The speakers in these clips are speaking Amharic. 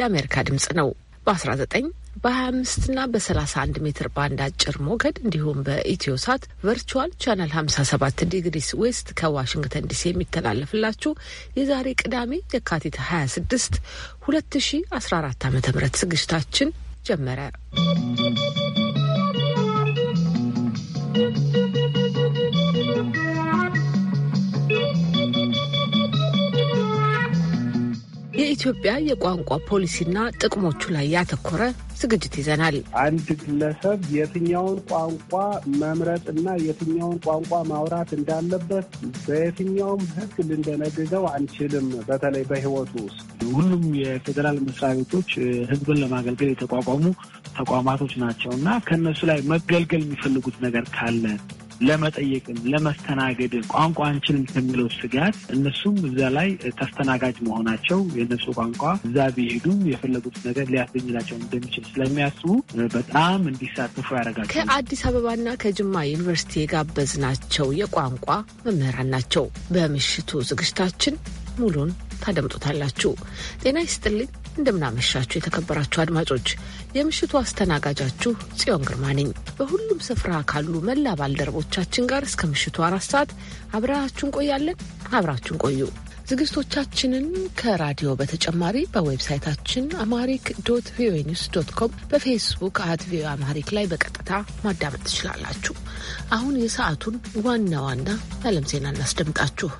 የአሜሪካ ድምጽ ነው። በ19 በ25 እና በ31 ሜትር ባንድ አጭር ሞገድ እንዲሁም በኢትዮ ሳት ቨርቹዋል ቻናል 57 ዲግሪስ ዌስት ከዋሽንግተን ዲሲ የሚተላለፍላችሁ የዛሬ ቅዳሜ የካቲት 26 2014 ዓ ም ዝግጅታችን ጀመረ። የኢትዮጵያ የቋንቋ ፖሊሲና ጥቅሞቹ ላይ ያተኮረ ዝግጅት ይዘናል። አንድ ግለሰብ የትኛውን ቋንቋ መምረጥና የትኛውን ቋንቋ ማውራት እንዳለበት በየትኛውም ሕግ ልንደነግገው አንችልም። በተለይ በሕይወቱ ውስጥ ሁሉም የፌዴራል መስሪያ ቤቶች ሕዝብን ለማገልገል የተቋቋሙ ተቋማቶች ናቸው እና ከእነሱ ላይ መገልገል የሚፈልጉት ነገር ካለ ለመጠየቅም ለመስተናገድም ቋንቋ አንችልም ከሚለው ስጋት እነሱም እዛ ላይ ተስተናጋጅ መሆናቸው የነሱ ቋንቋ እዛ ቢሄዱም የፈለጉት ነገር ሊያስገኝላቸው እንደሚችል ስለሚያስቡ በጣም እንዲሳተፉ ያደርጋቸው። ከአዲስ አበባና ከጅማ ዩኒቨርሲቲ የጋበዝናቸው የቋንቋ መምህራን ናቸው። በምሽቱ ዝግጅታችን ሙሉን ታደምጡታላችሁ። ጤና ይስጥልኝ። እንደምናመሻችሁ የተከበራችሁ አድማጮች፣ የምሽቱ አስተናጋጃችሁ ጽዮን ግርማ ነኝ። በሁሉም ስፍራ ካሉ መላ ባልደረቦቻችን ጋር እስከ ምሽቱ አራት ሰዓት አብራችሁን ቆያለን። አብራችሁን ቆዩ። ዝግጅቶቻችንን ከራዲዮ በተጨማሪ በዌብሳይታችን አማሪክ ዶት ቪኦኤ ኒውስ ዶት ኮም በፌስቡክ አት ቪኦኤ አማሪክ ላይ በቀጥታ ማዳመጥ ትችላላችሁ። አሁን የሰዓቱን ዋና ዋና የዓለም ዜና እናስደምጣችሁ።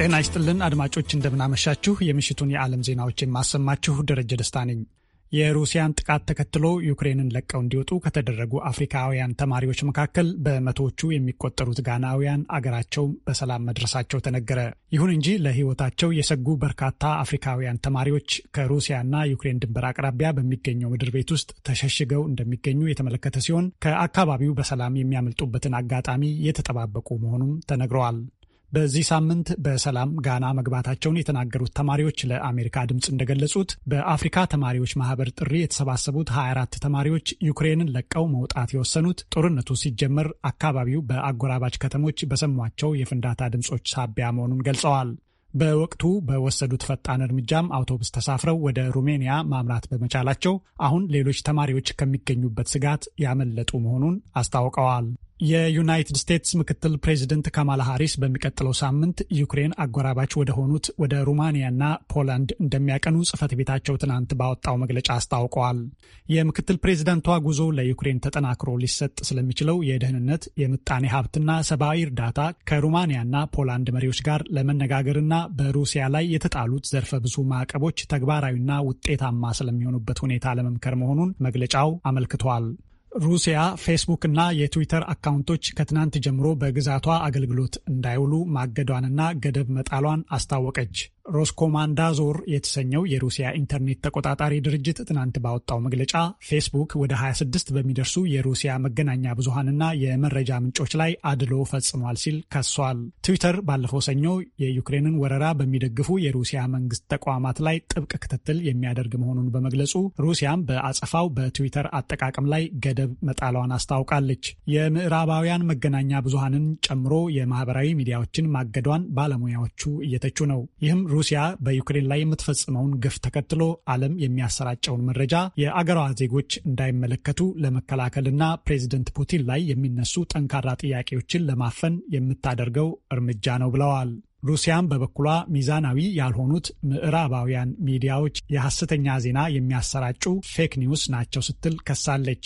ጤና ይስጥልን አድማጮች፣ እንደምናመሻችሁ። የምሽቱን የዓለም ዜናዎች የማሰማችሁ ደረጀ ደስታ ነኝ። የሩሲያን ጥቃት ተከትሎ ዩክሬንን ለቀው እንዲወጡ ከተደረጉ አፍሪካውያን ተማሪዎች መካከል በመቶዎቹ የሚቆጠሩት ጋናውያን አገራቸው በሰላም መድረሳቸው ተነገረ። ይሁን እንጂ ለሕይወታቸው የሰጉ በርካታ አፍሪካውያን ተማሪዎች ከሩሲያና ዩክሬን ድንበር አቅራቢያ በሚገኘው ምድር ቤት ውስጥ ተሸሽገው እንደሚገኙ የተመለከተ ሲሆን ከአካባቢው በሰላም የሚያመልጡበትን አጋጣሚ የተጠባበቁ መሆኑም ተነግረዋል። በዚህ ሳምንት በሰላም ጋና መግባታቸውን የተናገሩት ተማሪዎች ለአሜሪካ ድምፅ እንደገለጹት በአፍሪካ ተማሪዎች ማህበር ጥሪ የተሰባሰቡት 24 ተማሪዎች ዩክሬንን ለቀው መውጣት የወሰኑት ጦርነቱ ሲጀመር አካባቢው በአጎራባች ከተሞች በሰሟቸው የፍንዳታ ድምፆች ሳቢያ መሆኑን ገልጸዋል። በወቅቱ በወሰዱት ፈጣን እርምጃም አውቶቡስ ተሳፍረው ወደ ሩሜኒያ ማምራት በመቻላቸው አሁን ሌሎች ተማሪዎች ከሚገኙበት ስጋት ያመለጡ መሆኑን አስታውቀዋል። የዩናይትድ ስቴትስ ምክትል ፕሬዚደንት ካማላ ሃሪስ በሚቀጥለው ሳምንት ዩክሬን አጎራባች ወደ ሆኑት ወደ ሩማንያና ፖላንድ እንደሚያቀኑ ጽህፈት ቤታቸው ትናንት ባወጣው መግለጫ አስታውቀዋል። የምክትል ፕሬዚደንቷ ጉዞ ለዩክሬን ተጠናክሮ ሊሰጥ ስለሚችለው የደህንነት የምጣኔ ሀብትና ሰብአዊ እርዳታ ከሩማንያና ፖላንድ መሪዎች ጋር ለመነጋገርና በሩሲያ ላይ የተጣሉት ዘርፈ ብዙ ማዕቀቦች ተግባራዊና ውጤታማ ስለሚሆኑበት ሁኔታ ለመምከር መሆኑን መግለጫው አመልክቷል። ሩሲያ ፌስቡክ እና የትዊተር አካውንቶች ከትናንት ጀምሮ በግዛቷ አገልግሎት እንዳይውሉ ማገዷንና ገደብ መጣሏን አስታወቀች። ሮስኮማንዳዞር የተሰኘው የሩሲያ ኢንተርኔት ተቆጣጣሪ ድርጅት ትናንት ባወጣው መግለጫ ፌስቡክ ወደ 26 በሚደርሱ የሩሲያ መገናኛ ብዙሃንና የመረጃ ምንጮች ላይ አድሎ ፈጽሟል ሲል ከሷል። ትዊተር ባለፈው ሰኞ የዩክሬንን ወረራ በሚደግፉ የሩሲያ መንግስት ተቋማት ላይ ጥብቅ ክትትል የሚያደርግ መሆኑን በመግለጹ ሩሲያም በአጸፋው በትዊተር አጠቃቀም ላይ ገደብ መጣሏን አስታውቃለች። የምዕራባውያን መገናኛ ብዙሃንን ጨምሮ የማህበራዊ ሚዲያዎችን ማገዷን ባለሙያዎቹ እየተቹ ነው። ይህም ሩሲያ በዩክሬን ላይ የምትፈጽመውን ግፍ ተከትሎ ዓለም የሚያሰራጨውን መረጃ የአገሯ ዜጎች እንዳይመለከቱ ለመከላከልና ፕሬዚደንት ፑቲን ላይ የሚነሱ ጠንካራ ጥያቄዎችን ለማፈን የምታደርገው እርምጃ ነው ብለዋል። ሩሲያም በበኩሏ ሚዛናዊ ያልሆኑት ምዕራባውያን ሚዲያዎች የሐሰተኛ ዜና የሚያሰራጩ ፌክ ኒውስ ናቸው ስትል ከሳለች።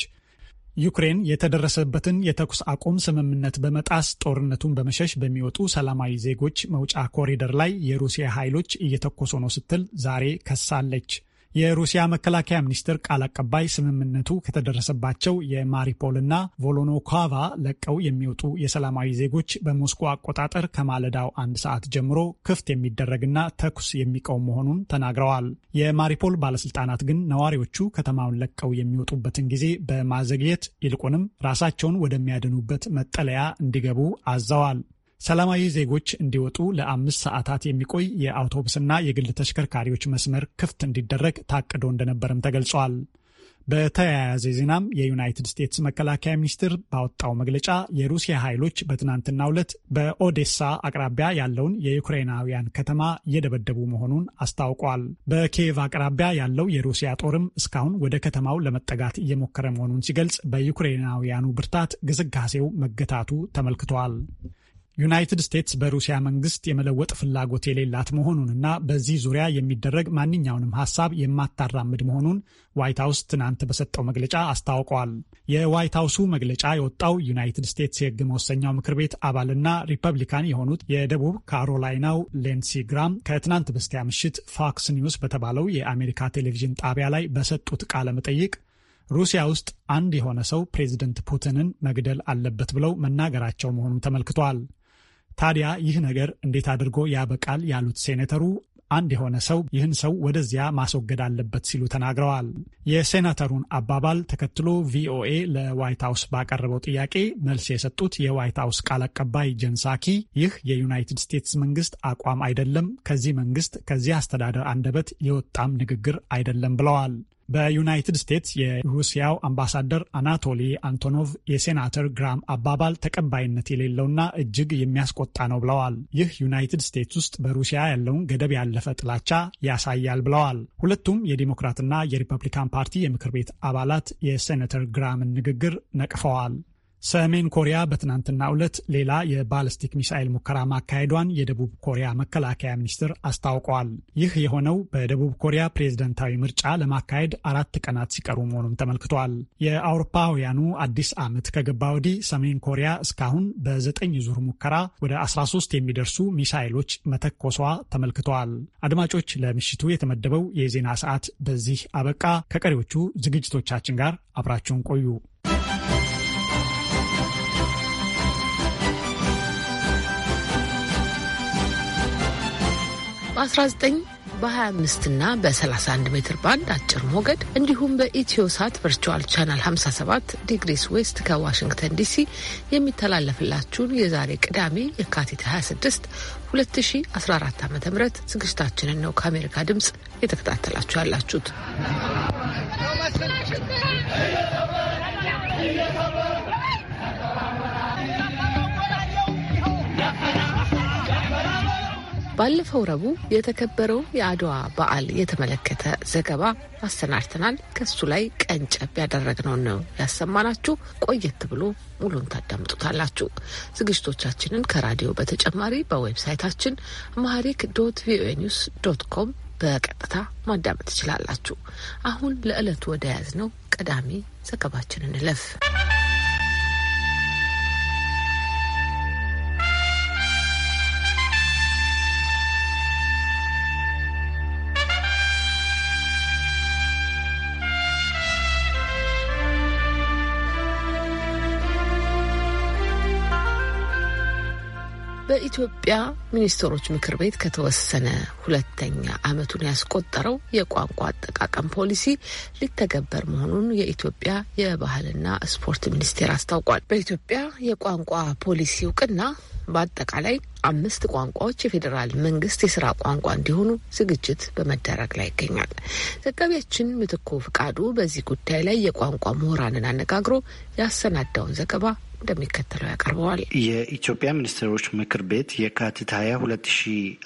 ዩክሬን የተደረሰበትን የተኩስ አቁም ስምምነት በመጣስ ጦርነቱን በመሸሽ በሚወጡ ሰላማዊ ዜጎች መውጫ ኮሪደር ላይ የሩሲያ ኃይሎች እየተኮሱ ነው ስትል ዛሬ ከሳለች። የሩሲያ መከላከያ ሚኒስቴር ቃል አቀባይ ስምምነቱ ከተደረሰባቸው የማሪፖልና ቮሎኖካቫ ለቀው የሚወጡ የሰላማዊ ዜጎች በሞስኮ አቆጣጠር ከማለዳው አንድ ሰዓት ጀምሮ ክፍት የሚደረግና ተኩስ የሚቀው መሆኑን ተናግረዋል። የማሪፖል ባለስልጣናት ግን ነዋሪዎቹ ከተማውን ለቀው የሚወጡበትን ጊዜ በማዘግየት ይልቁንም ራሳቸውን ወደሚያድኑበት መጠለያ እንዲገቡ አዘዋል። ሰላማዊ ዜጎች እንዲወጡ ለአምስት ሰዓታት የሚቆይ የአውቶቡስና የግል ተሽከርካሪዎች መስመር ክፍት እንዲደረግ ታቅዶ እንደነበረም ተገልጿል። በተያያዘ ዜናም የዩናይትድ ስቴትስ መከላከያ ሚኒስቴር ባወጣው መግለጫ የሩሲያ ኃይሎች በትናንትናው ዕለት በኦዴሳ አቅራቢያ ያለውን የዩክሬናውያን ከተማ እየደበደቡ መሆኑን አስታውቋል። በኪየቭ አቅራቢያ ያለው የሩሲያ ጦርም እስካሁን ወደ ከተማው ለመጠጋት እየሞከረ መሆኑን ሲገልጽ፣ በዩክሬናውያኑ ብርታት ግስጋሴው መገታቱ ተመልክቷል። ዩናይትድ ስቴትስ በሩሲያ መንግስት የመለወጥ ፍላጎት የሌላት መሆኑንና በዚህ ዙሪያ የሚደረግ ማንኛውንም ሀሳብ የማታራምድ መሆኑን ዋይት ሀውስ ትናንት በሰጠው መግለጫ አስታውቀዋል። የዋይት ሀውሱ መግለጫ የወጣው ዩናይትድ ስቴትስ የህግ መወሰኛው ምክር ቤት አባልና ሪፐብሊካን የሆኑት የደቡብ ካሮላይናው ሌንሲ ግራም ከትናንት በስቲያ ምሽት ፎክስ ኒውስ በተባለው የአሜሪካ ቴሌቪዥን ጣቢያ ላይ በሰጡት ቃለ መጠይቅ ሩሲያ ውስጥ አንድ የሆነ ሰው ፕሬዝደንት ፑቲንን መግደል አለበት ብለው መናገራቸው መሆኑን ተመልክቷል። ታዲያ ይህ ነገር እንዴት አድርጎ ያበቃል ያሉት ሴኔተሩ አንድ የሆነ ሰው ይህን ሰው ወደዚያ ማስወገድ አለበት ሲሉ ተናግረዋል። የሴናተሩን አባባል ተከትሎ ቪኦኤ ለዋይት ሀውስ ባቀረበው ጥያቄ መልስ የሰጡት የዋይት ሀውስ ቃል አቀባይ ጀንሳኪ ይህ የዩናይትድ ስቴትስ መንግስት አቋም አይደለም፣ ከዚህ መንግስት ከዚህ አስተዳደር አንደበት የወጣም ንግግር አይደለም ብለዋል። በዩናይትድ ስቴትስ የሩሲያው አምባሳደር አናቶሊ አንቶኖቭ የሴናተር ግራም አባባል ተቀባይነት የሌለውና እጅግ የሚያስቆጣ ነው ብለዋል። ይህ ዩናይትድ ስቴትስ ውስጥ በሩሲያ ያለውን ገደብ ያለፈ ጥላቻ ያሳያል ብለዋል። ሁለቱም የዲሞክራትና የሪፐብሊካን ፓርቲ የምክር ቤት አባላት የሴናተር ግራምን ንግግር ነቅፈዋል። ሰሜን ኮሪያ በትናንትናው ዕለት ሌላ የባለስቲክ ሚሳይል ሙከራ ማካሄዷን የደቡብ ኮሪያ መከላከያ ሚኒስትር አስታውቀዋል። ይህ የሆነው በደቡብ ኮሪያ ፕሬዝደንታዊ ምርጫ ለማካሄድ አራት ቀናት ሲቀሩ መሆኑም ተመልክቷል። የአውሮፓውያኑ አዲስ ዓመት ከገባ ወዲህ ሰሜን ኮሪያ እስካሁን በዘጠኝ ዙር ሙከራ ወደ 13 የሚደርሱ ሚሳይሎች መተኮሷ ተመልክተዋል። አድማጮች፣ ለምሽቱ የተመደበው የዜና ሰዓት በዚህ አበቃ። ከቀሪዎቹ ዝግጅቶቻችን ጋር አብራችሁን ቆዩ። በ19 በ25 እና በ31 ሜትር ባንድ አጭር ሞገድ እንዲሁም በኢትዮ ሳት ቨርቹዋል ቻናል 57 ዲግሪስ ዌስት ከዋሽንግተን ዲሲ የሚተላለፍላችሁን የዛሬ ቅዳሜ የካቲት 26 2014 ዓ ም ዝግጅታችንን ነው ከአሜሪካ ድምፅ እየተከታተላችሁ ያላችሁት። ባለፈው ረቡዕ የተከበረው የአድዋ በዓል የተመለከተ ዘገባ አሰናድተናል። ከሱ ላይ ቀንጨብ ያደረግነውን ነው ያሰማናችሁ። ቆየት ብሎ ሙሉን ታዳምጡታላችሁ። ዝግጅቶቻችንን ከራዲዮ በተጨማሪ በዌብሳይታችን አማሪክ ዶት ቪኦኤ ኒውስ ዶት ኮም በቀጥታ ማዳመጥ ትችላላችሁ። አሁን ለዕለቱ ወደ ያዝ ነው ቀዳሚ ዘገባችንን እንለፍ። በኢትዮጵያ ሚኒስትሮች ምክር ቤት ከተወሰነ ሁለተኛ ዓመቱን ያስቆጠረው የቋንቋ አጠቃቀም ፖሊሲ ሊተገበር መሆኑን የኢትዮጵያ የባህልና ስፖርት ሚኒስቴር አስታውቋል። በኢትዮጵያ የቋንቋ ፖሊሲ እውቅና በአጠቃላይ አምስት ቋንቋዎች የፌዴራል መንግስት የስራ ቋንቋ እንዲሆኑ ዝግጅት በመደረግ ላይ ይገኛል። ዘጋቢያችን ምትኮ ፍቃዱ በዚህ ጉዳይ ላይ የቋንቋ ምሁራንን አነጋግሮ ያሰናዳውን ዘገባ እንደሚከተለው ያቀርበዋል። የኢትዮጵያ ሚኒስትሮች ምክር ቤት የካቲት 22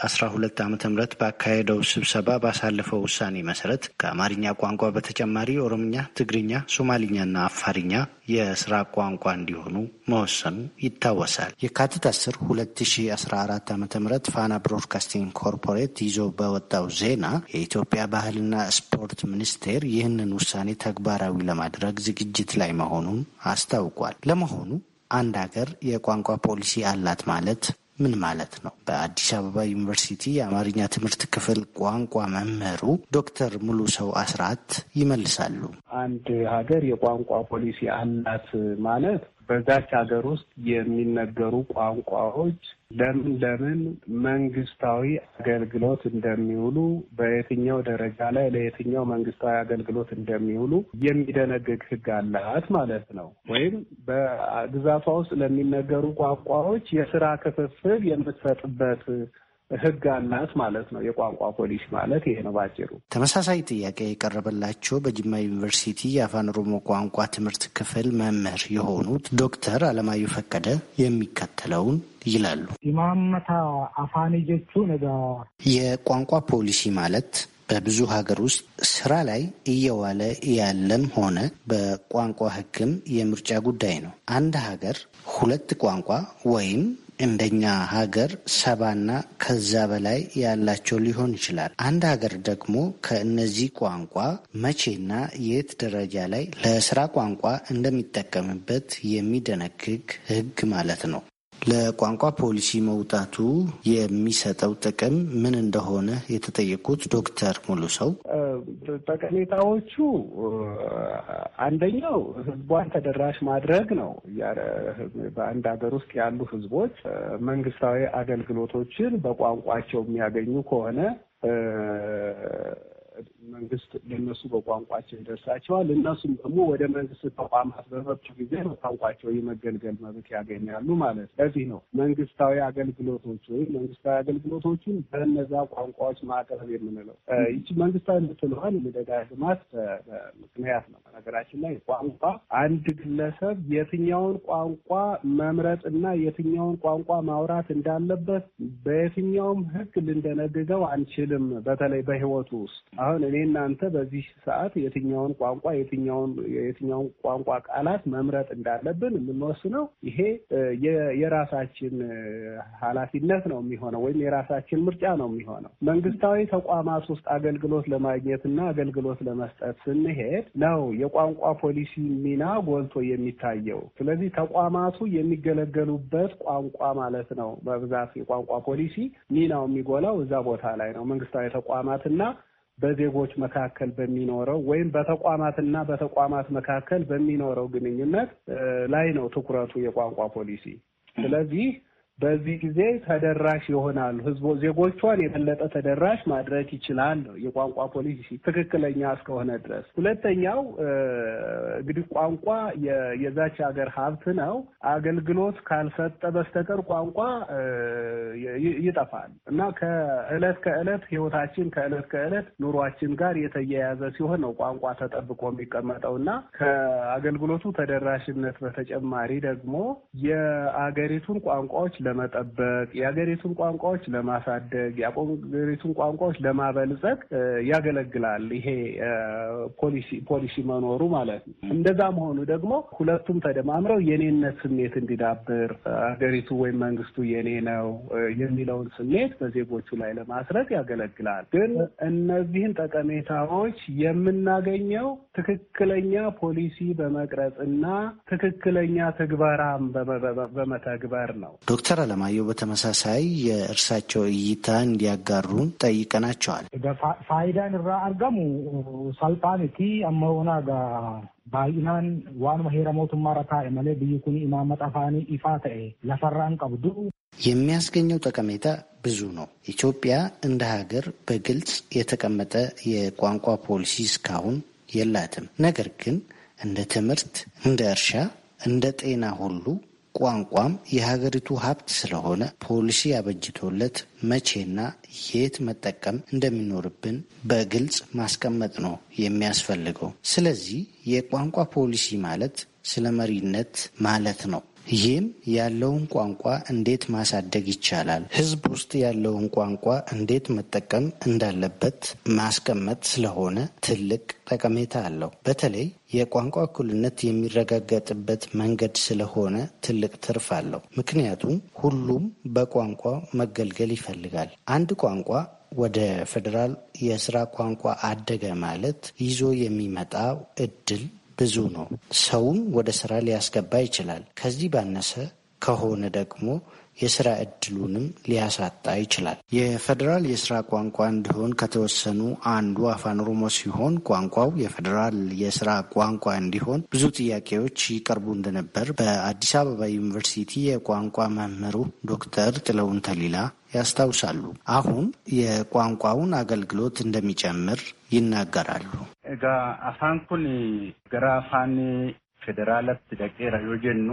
2012 ዓ ም ባካሄደው ስብሰባ ባሳለፈው ውሳኔ መሰረት ከአማርኛ ቋንቋ በተጨማሪ ኦሮምኛ፣ ትግርኛ፣ ሶማሊኛና አፋርኛ የስራ ቋንቋ እንዲሆኑ መወሰኑ ይታወሳል። የካቲት 10 2014 ዓ ም ፋና ብሮድካስቲንግ ኮርፖሬት ይዞ በወጣው ዜና የኢትዮጵያ ባህልና ስፖርት ሚኒስቴር ይህንን ውሳኔ ተግባራዊ ለማድረግ ዝግጅት ላይ መሆኑን አስታውቋል። ለመሆኑ አንድ ሀገር የቋንቋ ፖሊሲ አላት ማለት ምን ማለት ነው? በአዲስ አበባ ዩኒቨርሲቲ የአማርኛ ትምህርት ክፍል ቋንቋ መምህሩ ዶክተር ሙሉ ሰው አስራት ይመልሳሉ። አንድ ሀገር የቋንቋ ፖሊሲ አላት ማለት በዛች ሀገር ውስጥ የሚነገሩ ቋንቋዎች ለምን ለምን መንግስታዊ አገልግሎት እንደሚውሉ በየትኛው ደረጃ ላይ ለየትኛው መንግስታዊ አገልግሎት እንደሚውሉ የሚደነግግ ህግ አላት ማለት ነው። ወይም በግዛቷ ውስጥ ለሚነገሩ ቋንቋዎች የስራ ክፍፍል የምትሰጥበት ህግ አናት ማለት ነው። የቋንቋ ፖሊሲ ማለት ይሄ ነው ባጭሩ። ተመሳሳይ ጥያቄ የቀረበላቸው በጅማ ዩኒቨርሲቲ የአፋን ኦሮሞ ቋንቋ ትምህርት ክፍል መምህር የሆኑት ዶክተር አለማዩ ፈቀደ የሚከተለውን ይላሉ። ኢማመታ አፋን ጀቹ የቋንቋ ፖሊሲ ማለት በብዙ ሀገር ውስጥ ስራ ላይ እየዋለ ያለም ሆነ በቋንቋ ሕግም የምርጫ ጉዳይ ነው። አንድ ሀገር ሁለት ቋንቋ ወይም እንደኛ ሀገር ሰባና ከዛ በላይ ያላቸው ሊሆን ይችላል። አንድ ሀገር ደግሞ ከእነዚህ ቋንቋ መቼና የት ደረጃ ላይ ለስራ ቋንቋ እንደሚጠቀምበት የሚደነግግ ህግ ማለት ነው። ለቋንቋ ፖሊሲ መውጣቱ የሚሰጠው ጥቅም ምን እንደሆነ የተጠየቁት ዶክተር ሙሉ ሰው ጠቀሜታዎቹ አንደኛው ህዝቧን ተደራሽ ማድረግ ነው። በአንድ ሀገር ውስጥ ያሉ ህዝቦች መንግስታዊ አገልግሎቶችን በቋንቋቸው የሚያገኙ ከሆነ መንግስት ለእነሱ በቋንቋቸው ይደርሳቸዋል። እነሱም ደግሞ ወደ መንግስት ተቋማት በመጡ ጊዜ በቋንቋቸው የመገልገል መብት ያገኛሉ ማለት ለዚህ ነው መንግስታዊ አገልግሎቶች ወይም መንግስታዊ አገልግሎቶችን በነዛ ቋንቋዎች ማቅረብ የምንለው። ይቺ መንግስታዊ የምትለዋን የምደጋግማት ምክንያት ነው። በነገራችን ላይ ቋንቋ አንድ ግለሰብ የትኛውን ቋንቋ መምረጥ እና የትኛውን ቋንቋ ማውራት እንዳለበት በየትኛውም ህግ ልንደነግገው አንችልም። በተለይ በህይወቱ ውስጥ አሁን እኔ እኔ እናንተ በዚህ ሰዓት የትኛውን ቋንቋ የትኛውን የትኛውን ቋንቋ ቃላት መምረጥ እንዳለብን የምንወስነው ይሄ የራሳችን ኃላፊነት ነው የሚሆነው ወይም የራሳችን ምርጫ ነው የሚሆነው። መንግስታዊ ተቋማት ውስጥ አገልግሎት ለማግኘት እና አገልግሎት ለመስጠት ስንሄድ ነው የቋንቋ ፖሊሲ ሚና ጎልቶ የሚታየው። ስለዚህ ተቋማቱ የሚገለገሉበት ቋንቋ ማለት ነው በብዛት የቋንቋ ፖሊሲ ሚናው የሚጎላው እዛ ቦታ ላይ ነው መንግስታዊ ተቋማትና በዜጎች መካከል በሚኖረው ወይም በተቋማትና በተቋማት መካከል በሚኖረው ግንኙነት ላይ ነው ትኩረቱ የቋንቋ ፖሊሲ። ስለዚህ በዚህ ጊዜ ተደራሽ ይሆናሉ። ህዝቦ ዜጎቿን የበለጠ ተደራሽ ማድረግ ይችላል ነው የቋንቋ ፖሊሲ ትክክለኛ እስከሆነ ድረስ። ሁለተኛው እንግዲህ ቋንቋ የዛች ሀገር ሀብት ነው። አገልግሎት ካልሰጠ በስተቀር ቋንቋ ይጠፋል እና ከእለት ከእለት ህይወታችን ከእለት ከእለት ኑሯችን ጋር የተያያዘ ሲሆን ነው ቋንቋ ተጠብቆ የሚቀመጠው እና ከአገልግሎቱ ተደራሽነት በተጨማሪ ደግሞ የአገሪቱን ቋንቋዎች ለመጠበቅ የሀገሪቱን ቋንቋዎች ለማሳደግ የሀገሪቱን ቋንቋዎች ለማበልጸግ ያገለግላል። ይሄ ፖሊሲ መኖሩ ማለት ነው። እንደዛ መሆኑ ደግሞ ሁለቱም ተደማምረው የኔነት ስሜት እንዲዳብር ሀገሪቱ ወይም መንግስቱ የኔ ነው የሚለውን ስሜት በዜጎቹ ላይ ለማስረት ያገለግላል። ግን እነዚህን ጠቀሜታዎች የምናገኘው ትክክለኛ ፖሊሲ እና ትክክለኛ ትግበራም በመተግበር ነው። ዶክተር ዶክተር አለማየሁ በተመሳሳይ የእርሳቸው እይታ እንዲያጋሩን ጠይቀናቸዋል። ፋይዳን ራ አርጋሙ ሳልጣን እቲ አመሆና ጋ ባይናን ዋን ሄረ ሞቱማ ረታ መለ ብይ ኩኒ ኢማ መጣፋኒ ይፋ ተኤ ለፈራን ቀብዱ የሚያስገኘው ጠቀሜታ ብዙ ነው። ኢትዮጵያ እንደ ሀገር በግልጽ የተቀመጠ የቋንቋ ፖሊሲ እስካሁን የላትም። ነገር ግን እንደ ትምህርት፣ እንደ እርሻ፣ እንደ ጤና ሁሉ ቋንቋም የሀገሪቱ ሀብት ስለሆነ ፖሊሲ ያበጅቶለት መቼና የት መጠቀም እንደሚኖርብን በግልጽ ማስቀመጥ ነው የሚያስፈልገው። ስለዚህ የቋንቋ ፖሊሲ ማለት ስለ መሪነት ማለት ነው። ይህም ያለውን ቋንቋ እንዴት ማሳደግ ይቻላል፣ ህዝብ ውስጥ ያለውን ቋንቋ እንዴት መጠቀም እንዳለበት ማስቀመጥ ስለሆነ ትልቅ ጠቀሜታ አለው። በተለይ የቋንቋ እኩልነት የሚረጋገጥበት መንገድ ስለሆነ ትልቅ ትርፍ አለው። ምክንያቱም ሁሉም በቋንቋ መገልገል ይፈልጋል። አንድ ቋንቋ ወደ ፌዴራል የስራ ቋንቋ አደገ ማለት ይዞ የሚመጣው እድል ብዙ ነው። ሰውም ወደ ስራ ሊያስገባ ይችላል። ከዚህ ባነሰ ከሆነ ደግሞ የስራ እድሉንም ሊያሳጣ ይችላል። የፌዴራል የስራ ቋንቋ እንዲሆን ከተወሰኑ አንዱ አፋን ኦሮሞ ሲሆን ቋንቋው የፌዴራል የስራ ቋንቋ እንዲሆን ብዙ ጥያቄዎች ይቀርቡ እንደነበር በአዲስ አበባ ዩኒቨርሲቲ የቋንቋ መምህሩ ዶክተር ጥለውን ተሊላ ያስታውሳሉ። አሁን የቋንቋውን አገልግሎት እንደሚጨምር ይናገራሉ። ጋ አፋን ኩን ገራ አፋን ፌዴራላት ደቄራ ዮ ጀኑ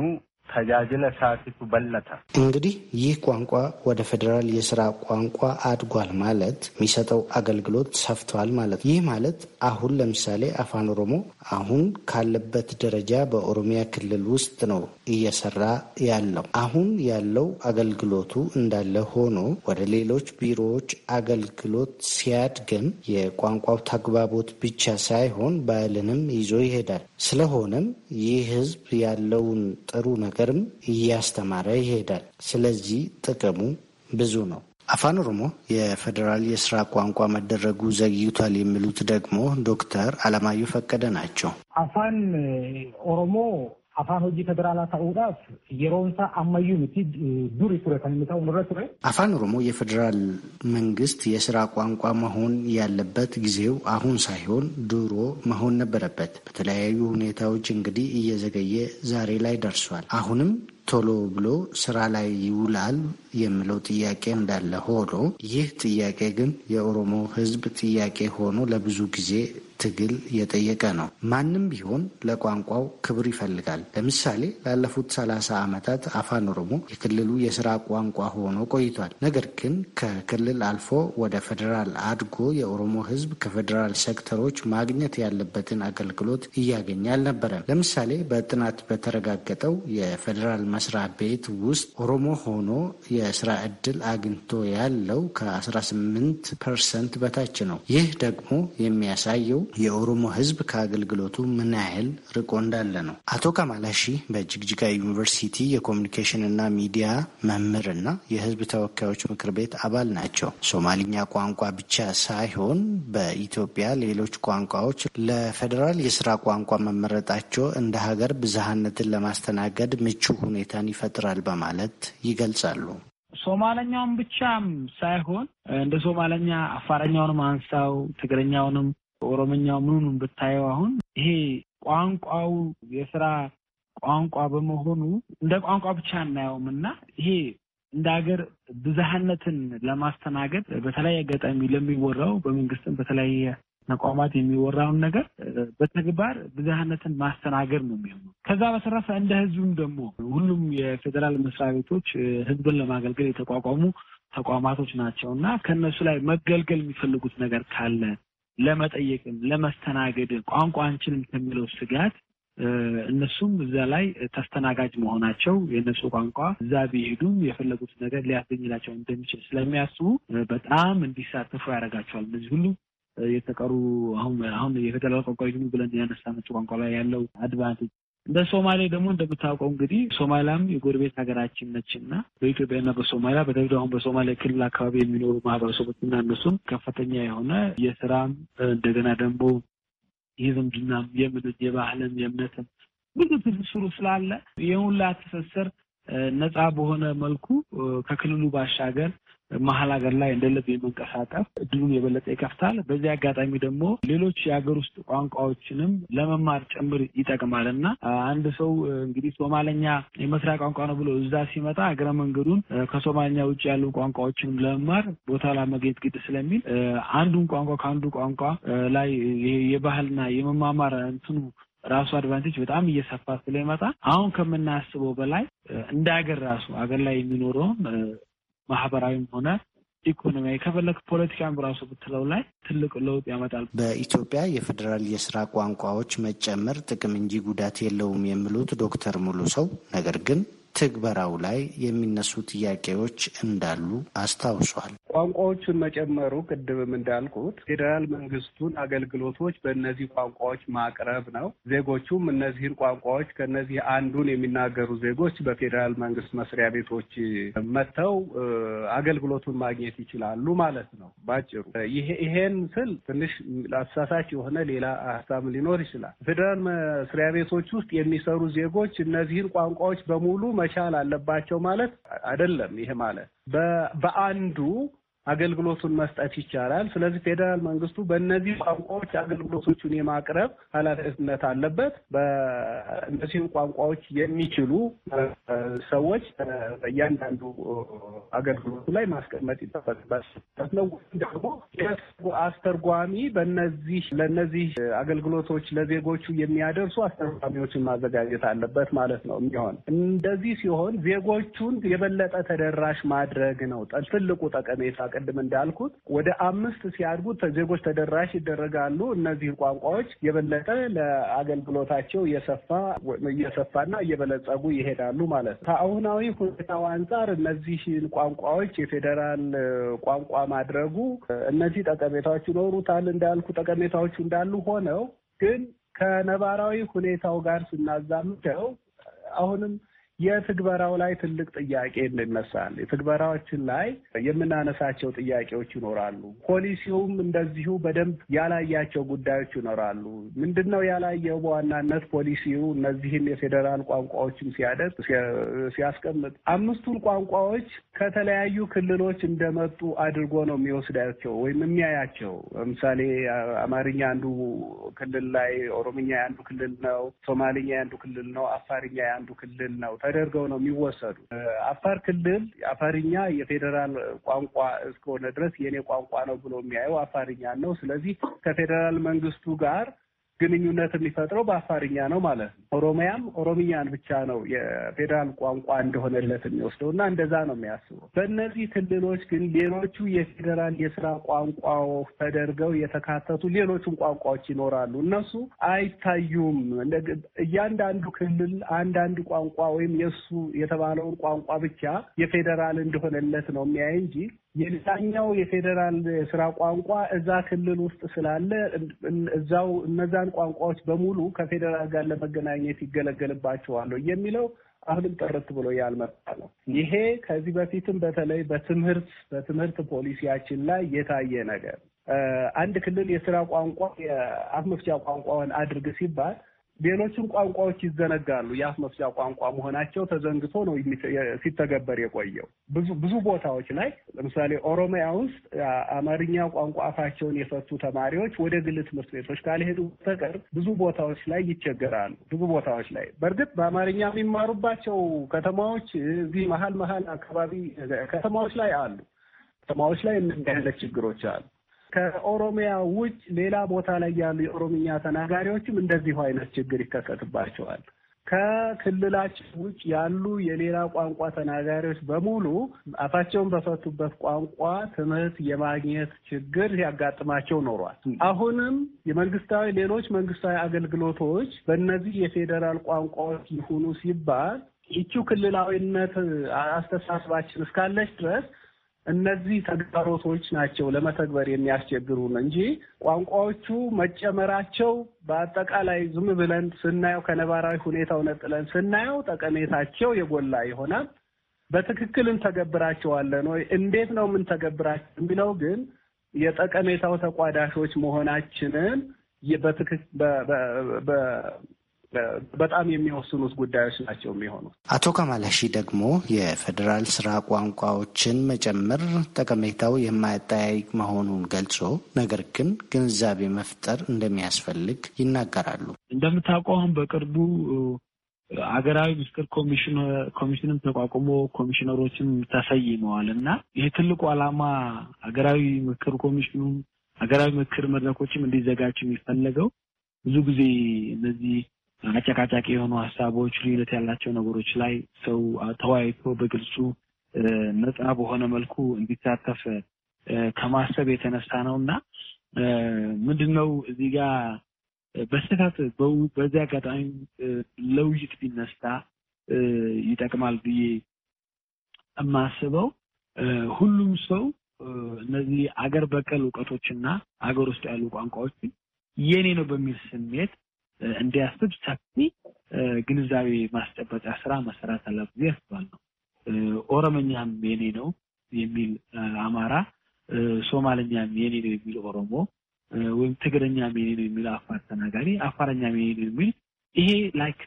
ተጃጅለ ሳቲቱ በለተ እንግዲህ ይህ ቋንቋ ወደ ፌዴራል የስራ ቋንቋ አድጓል ማለት የሚሰጠው አገልግሎት ሰፍቷል ማለት ይህ ማለት አሁን ለምሳሌ አፋን ኦሮሞ አሁን ካለበት ደረጃ በኦሮሚያ ክልል ውስጥ ነው እየሰራ ያለው። አሁን ያለው አገልግሎቱ እንዳለ ሆኖ ወደ ሌሎች ቢሮዎች አገልግሎት ሲያድግም የቋንቋው ተግባቦት ብቻ ሳይሆን ባህልንም ይዞ ይሄዳል። ስለሆነም ይህ ህዝብ ያለውን ጥሩ ነገር ነገርም እያስተማረ ይሄዳል። ስለዚህ ጥቅሙ ብዙ ነው። አፋን ኦሮሞ የፌዴራል የስራ ቋንቋ መደረጉ ዘግይቷል የሚሉት ደግሞ ዶክተር አለማየሁ ፈቀደ ናቸው። አፋን ኦሮሞ afaan hojii federaalaa ta'uudhaaf yeroon isaa ammayyuu miti e, duri ture kan inni ta'u nurra ture. Afaan Oromoo የፌዴራል መንግስት የስራ ቋንቋ መሆን ያለበት ጊዜው አሁን ሳይሆን ድሮ መሆን ነበረበት። በተለያዩ ሁኔታዎች እንግዲህ እየዘገየ ዛሬ ላይ ደርሷል። አሁንም ቶሎ ብሎ ስራ ላይ ይውላል የሚለው ጥያቄ እንዳለ ሆኖ ይህ ጥያቄ ግን የኦሮሞ ሕዝብ ጥያቄ ሆኖ ለብዙ ጊዜ ትግል የጠየቀ ነው። ማንም ቢሆን ለቋንቋው ክብር ይፈልጋል። ለምሳሌ ላለፉት 30 ዓመታት አፋን ኦሮሞ የክልሉ የስራ ቋንቋ ሆኖ ቆይቷል። ነገር ግን ከክልል አልፎ ወደ ፌዴራል አድጎ የኦሮሞ ሕዝብ ከፌዴራል ሴክተሮች ማግኘት ያለበትን አገልግሎት እያገኘ አልነበረም። ለምሳሌ በጥናት በተረጋገጠው የፌዴራል መስሪያ ቤት ውስጥ ኦሮሞ ሆኖ የስራ እድል አግኝቶ ያለው ከ18 ፐርሰንት በታች ነው። ይህ ደግሞ የሚያሳየው የኦሮሞ ህዝብ ከአገልግሎቱ ምን ያህል ርቆ እንዳለ ነው። አቶ ከማላሺ በጅግጅጋ ዩኒቨርሲቲ የኮሚኒኬሽንና ሚዲያ መምህርና የህዝብ ተወካዮች ምክር ቤት አባል ናቸው። ሶማሊኛ ቋንቋ ብቻ ሳይሆን በኢትዮጵያ ሌሎች ቋንቋዎች ለፌዴራል የስራ ቋንቋ መመረጣቸው እንደ ሀገር ብዝሃነትን ለማስተናገድ ምቹ ሁኔታን ይፈጥራል በማለት ይገልጻሉ። ሶማለኛውን ብቻም ሳይሆን እንደ ሶማለኛ አፋረኛውንም አንሳው ትግረኛውንም ኦሮምኛው ምኑን ብታየው አሁን ይሄ ቋንቋው የስራ ቋንቋ በመሆኑ እንደ ቋንቋ ብቻ አናየውም እና ይሄ እንደ ሀገር ብዝሃነትን ለማስተናገድ በተለያየ አጋጣሚ ለሚወራው በመንግስትም በተለያየ ተቋማት የሚወራውን ነገር በተግባር ብዝሃነትን ማስተናገድ ነው የሚሆነው። ከዛ በተረፈ እንደ ህዝብም ደግሞ ሁሉም የፌዴራል መስሪያ ቤቶች ህዝብን ለማገልገል የተቋቋሙ ተቋማቶች ናቸው እና ከእነሱ ላይ መገልገል የሚፈልጉት ነገር ካለ ለመጠየቅም ለመስተናገድም ቋንቋ አንችልም ከሚለው ስጋት እነሱም እዛ ላይ ተስተናጋጅ መሆናቸው የእነሱ ቋንቋ እዛ ቢሄዱም የፈለጉት ነገር ሊያስገኝላቸው እንደሚችል ስለሚያስቡ በጣም እንዲሳተፉ ያደርጋቸዋል። እነዚህ ሁሉ የተቀሩ አሁን አሁን የፌደራል ቋንቋ ብለን ያነሳናቸው ቋንቋ ላይ ያለው አድቫንቴጅ ሶማሌ ደግሞ እንደምታውቀው እንግዲህ ሶማሊያም የጎረቤት ሀገራችን ነች እና በኢትዮጵያና በሶማሊያ በተለይ አሁን በሶማሌ ክልል አካባቢ የሚኖሩ ማህበረሰቦች እና እነሱም ከፍተኛ የሆነ የስራም እንደገና ደግሞ የዝምድናም የምድር የባህልም የእምነትም ብዙ ትስስሩ ስላለ የሁላ ትስስር ነፃ በሆነ መልኩ ከክልሉ ባሻገር መሀል ሀገር ላይ እንደለብ የመንቀሳቀስ እድሉን የበለጠ ይከፍታል። በዚህ አጋጣሚ ደግሞ ሌሎች የሀገር ውስጥ ቋንቋዎችንም ለመማር ጭምር ይጠቅማል እና አንድ ሰው እንግዲህ ሶማለኛ የመስሪያ ቋንቋ ነው ብሎ እዛ ሲመጣ ሀገረ መንገዱን ከሶማለኛ ውጭ ያሉ ቋንቋዎችንም ለመማር ቦታ ላይ ግድ ስለሚል አንዱን ቋንቋ ከአንዱ ቋንቋ ላይ የባህልና የመማማር እንትኑ ራሱ አድቫንቴጅ በጣም እየሰፋ ስለሚመጣ አሁን ከምናስበው በላይ እንደ ሀገር ራሱ ሀገር ላይ የሚኖረውን ማህበራዊም ሆነ ኢኮኖሚያዊ ከፈለግ ፖለቲካም ብራሱ ብትለው ላይ ትልቅ ለውጥ ያመጣል። በኢትዮጵያ የፌዴራል የስራ ቋንቋዎች መጨመር ጥቅም እንጂ ጉዳት የለውም የሚሉት ዶክተር ሙሉ ሰው ነገር ግን ትግበራው ላይ የሚነሱ ጥያቄዎች እንዳሉ አስታውሷል። ቋንቋዎቹን መጨመሩ ቅድምም እንዳልኩት ፌዴራል መንግስቱን አገልግሎቶች በእነዚህ ቋንቋዎች ማቅረብ ነው። ዜጎቹም እነዚህን ቋንቋዎች ከእነዚህ አንዱን የሚናገሩ ዜጎች በፌዴራል መንግስት መስሪያ ቤቶች መጥተው አገልግሎቱን ማግኘት ይችላሉ ማለት ነው ባጭሩ። ይሄን ስል ትንሽ አሳሳች የሆነ ሌላ ሀሳብ ሊኖር ይችላል። ፌዴራል መስሪያ ቤቶች ውስጥ የሚሰሩ ዜጎች እነዚህን ቋንቋዎች በሙሉ መ መቻል አለባቸው ማለት አይደለም። ይሄ ማለት በአንዱ አገልግሎቱን መስጠት ይቻላል። ስለዚህ ፌዴራል መንግስቱ በእነዚህ ቋንቋዎች አገልግሎቶቹን የማቅረብ ኃላፊነት አለበት። በእነዚህም ቋንቋዎች የሚችሉ ሰዎች በእያንዳንዱ አገልግሎቱ ላይ ማስቀመጥ ይጠበቅበት ነው። ደግሞ አስተርጓሚ በነዚህ ለእነዚህ አገልግሎቶች ለዜጎቹ የሚያደርሱ አስተርጓሚዎችን ማዘጋጀት አለበት ማለት ነው የሚሆን እንደዚህ ሲሆን ዜጎቹን የበለጠ ተደራሽ ማድረግ ነው ትልቁ ጠቀሜታ ቅድም እንዳልኩት ወደ አምስት ሲያድጉ ዜጎች ተደራሽ ይደረጋሉ። እነዚህ ቋንቋዎች የበለጠ ለአገልግሎታቸው እየሰፋ እየሰፋና እየበለጸጉ ይሄዳሉ ማለት ነው። ከአሁናዊ ሁኔታው አንጻር እነዚህን ቋንቋዎች የፌዴራል ቋንቋ ማድረጉ እነዚህ ጠቀሜታዎች ይኖሩታል። እንዳልኩ ጠቀሜታዎቹ እንዳሉ ሆነው ግን ከነባራዊ ሁኔታው ጋር ስናዛምደው አሁንም የትግበራው ላይ ትልቅ ጥያቄ ይነሳል። የትግበራዎችን ላይ የምናነሳቸው ጥያቄዎች ይኖራሉ። ፖሊሲውም እንደዚሁ በደንብ ያላያቸው ጉዳዮች ይኖራሉ። ምንድን ነው ያላየው? በዋናነት ፖሊሲው እነዚህን የፌዴራል ቋንቋዎችን ሲያደርግ ሲያስቀምጥ አምስቱን ቋንቋዎች ከተለያዩ ክልሎች እንደመጡ አድርጎ ነው የሚወስዳቸው ወይም የሚያያቸው። ለምሳሌ አማርኛ አንዱ ክልል ላይ፣ ኦሮምኛ የአንዱ ክልል ነው፣ ሶማሊኛ የአንዱ ክልል ነው፣ አፋርኛ የአንዱ ክልል ነው ተደርገው ነው የሚወሰዱ። አፋር ክልል አፋርኛ የፌዴራል ቋንቋ እስከሆነ ድረስ የኔ ቋንቋ ነው ብሎ የሚያየው አፋርኛ ነው። ስለዚህ ከፌዴራል መንግስቱ ጋር ግንኙነት የሚፈጥረው በአፋርኛ ነው ማለት ነው። ኦሮሚያም ኦሮምያን ብቻ ነው የፌዴራል ቋንቋ እንደሆነለት የሚወስደው እና እንደዛ ነው የሚያስበው። በእነዚህ ክልሎች ግን ሌሎቹ የፌዴራል የስራ ቋንቋው ተደርገው የተካተቱ ሌሎቹን ቋንቋዎች ይኖራሉ። እነሱ አይታዩም። እያንዳንዱ ክልል አንዳንድ ቋንቋ ወይም የእሱ የተባለውን ቋንቋ ብቻ የፌዴራል እንደሆነለት ነው የሚያይ እንጂ የሌላኛው የፌዴራል ስራ ቋንቋ እዛ ክልል ውስጥ ስላለ እዛው እነዛን ቋንቋዎች በሙሉ ከፌዴራል ጋር ለመገናኘት ይገለገልባቸዋለሁ የሚለው አሁንም ጥርት ብሎ ያልመጣ ነው። ይሄ ከዚህ በፊትም በተለይ በትምህርት በትምህርት ፖሊሲያችን ላይ የታየ ነገር አንድ ክልል የስራ ቋንቋ የአፍ መፍቻ ቋንቋውን አድርግ ሲባል ሌሎችም ቋንቋዎች ይዘነጋሉ። የአፍ መፍቻ ቋንቋ መሆናቸው ተዘንግቶ ነው ሲተገበር የቆየው። ብዙ ብዙ ቦታዎች ላይ ለምሳሌ ኦሮሚያ ውስጥ አማርኛ ቋንቋ አፋቸውን የፈቱ ተማሪዎች ወደ ግል ትምህርት ቤቶች ካልሄዱ በስተቀር ብዙ ቦታዎች ላይ ይቸገራሉ። ብዙ ቦታዎች ላይ በእርግጥ በአማርኛ የሚማሩባቸው ከተማዎች እዚህ መሀል መሀል አካባቢ ከተማዎች ላይ አሉ። ከተማዎች ላይ እንደዚህ አይነት ችግሮች አሉ። ከኦሮሚያ ውጭ ሌላ ቦታ ላይ ያሉ የኦሮምኛ ተናጋሪዎችም እንደዚሁ አይነት ችግር ይከሰትባቸዋል። ከክልላችን ውጭ ያሉ የሌላ ቋንቋ ተናጋሪዎች በሙሉ አፋቸውን በፈቱበት ቋንቋ ትምህርት የማግኘት ችግር ያጋጥማቸው ኖሯል። አሁንም የመንግስታዊ ሌሎች መንግስታዊ አገልግሎቶች በእነዚህ የፌዴራል ቋንቋዎች ይሁኑ ሲባል ይቺው ክልላዊነት አስተሳሰባችን እስካለች ድረስ እነዚህ ተግዳሮቶች ናቸው ለመተግበር የሚያስቸግሩን እንጂ ቋንቋዎቹ መጨመራቸው በአጠቃላይ ዝም ብለን ስናየው ከነባራዊ ሁኔታው ነጥለን ስናየው ጠቀሜታቸው የጎላ ይሆናል። በትክክል እንተገብራቸዋለን ወይ፣ እንዴት ነው የምንተገብራቸው የሚለው ግን የጠቀሜታው ተቋዳሾች መሆናችንን በጣም የሚወስኑት ጉዳዮች ናቸው የሚሆኑት። አቶ ከማላሺ ደግሞ የፌዴራል ስራ ቋንቋዎችን መጨመር ጠቀሜታው የማያጠያይቅ መሆኑን ገልጾ ነገር ግን ግንዛቤ መፍጠር እንደሚያስፈልግ ይናገራሉ። እንደምታውቀው አሁን በቅርቡ አገራዊ ምስክር ኮሚሽንም ተቋቁሞ ኮሚሽነሮችም ተሰይመዋል እና ይህ ትልቁ ዓላማ አገራዊ ምክር ኮሚሽኑም አገራዊ ምክር መድረኮችም እንዲዘጋጅ የሚፈለገው ብዙ ጊዜ እነዚህ አጨቃጫቂ የሆኑ ሀሳቦች፣ ልዩነት ያላቸው ነገሮች ላይ ሰው ተወያይቶ በግልጹ ነጻ በሆነ መልኩ እንዲሳተፍ ከማሰብ የተነሳ ነው እና ምንድን ነው እዚህ ጋር በስህተት በዚህ አጋጣሚ ለውይይት ቢነሳ ይጠቅማል ብዬ የማስበው ሁሉም ሰው እነዚህ አገር በቀል እውቀቶችና አገር ውስጥ ያሉ ቋንቋዎችን የኔ ነው በሚል ስሜት እንዲያስብ ሰፊ ግንዛቤ ማስጨበጫ ስራ መሰራት አለበት ብዬ ነው። ኦሮመኛም የኔ ነው የሚል አማራ፣ ሶማለኛም የኔ ነው የሚል ኦሮሞ ወይም ትግረኛም የኔ ነው የሚል አፋር ተናጋሪ፣ አፋረኛም የኔ ነው የሚል ይሄ ላይክ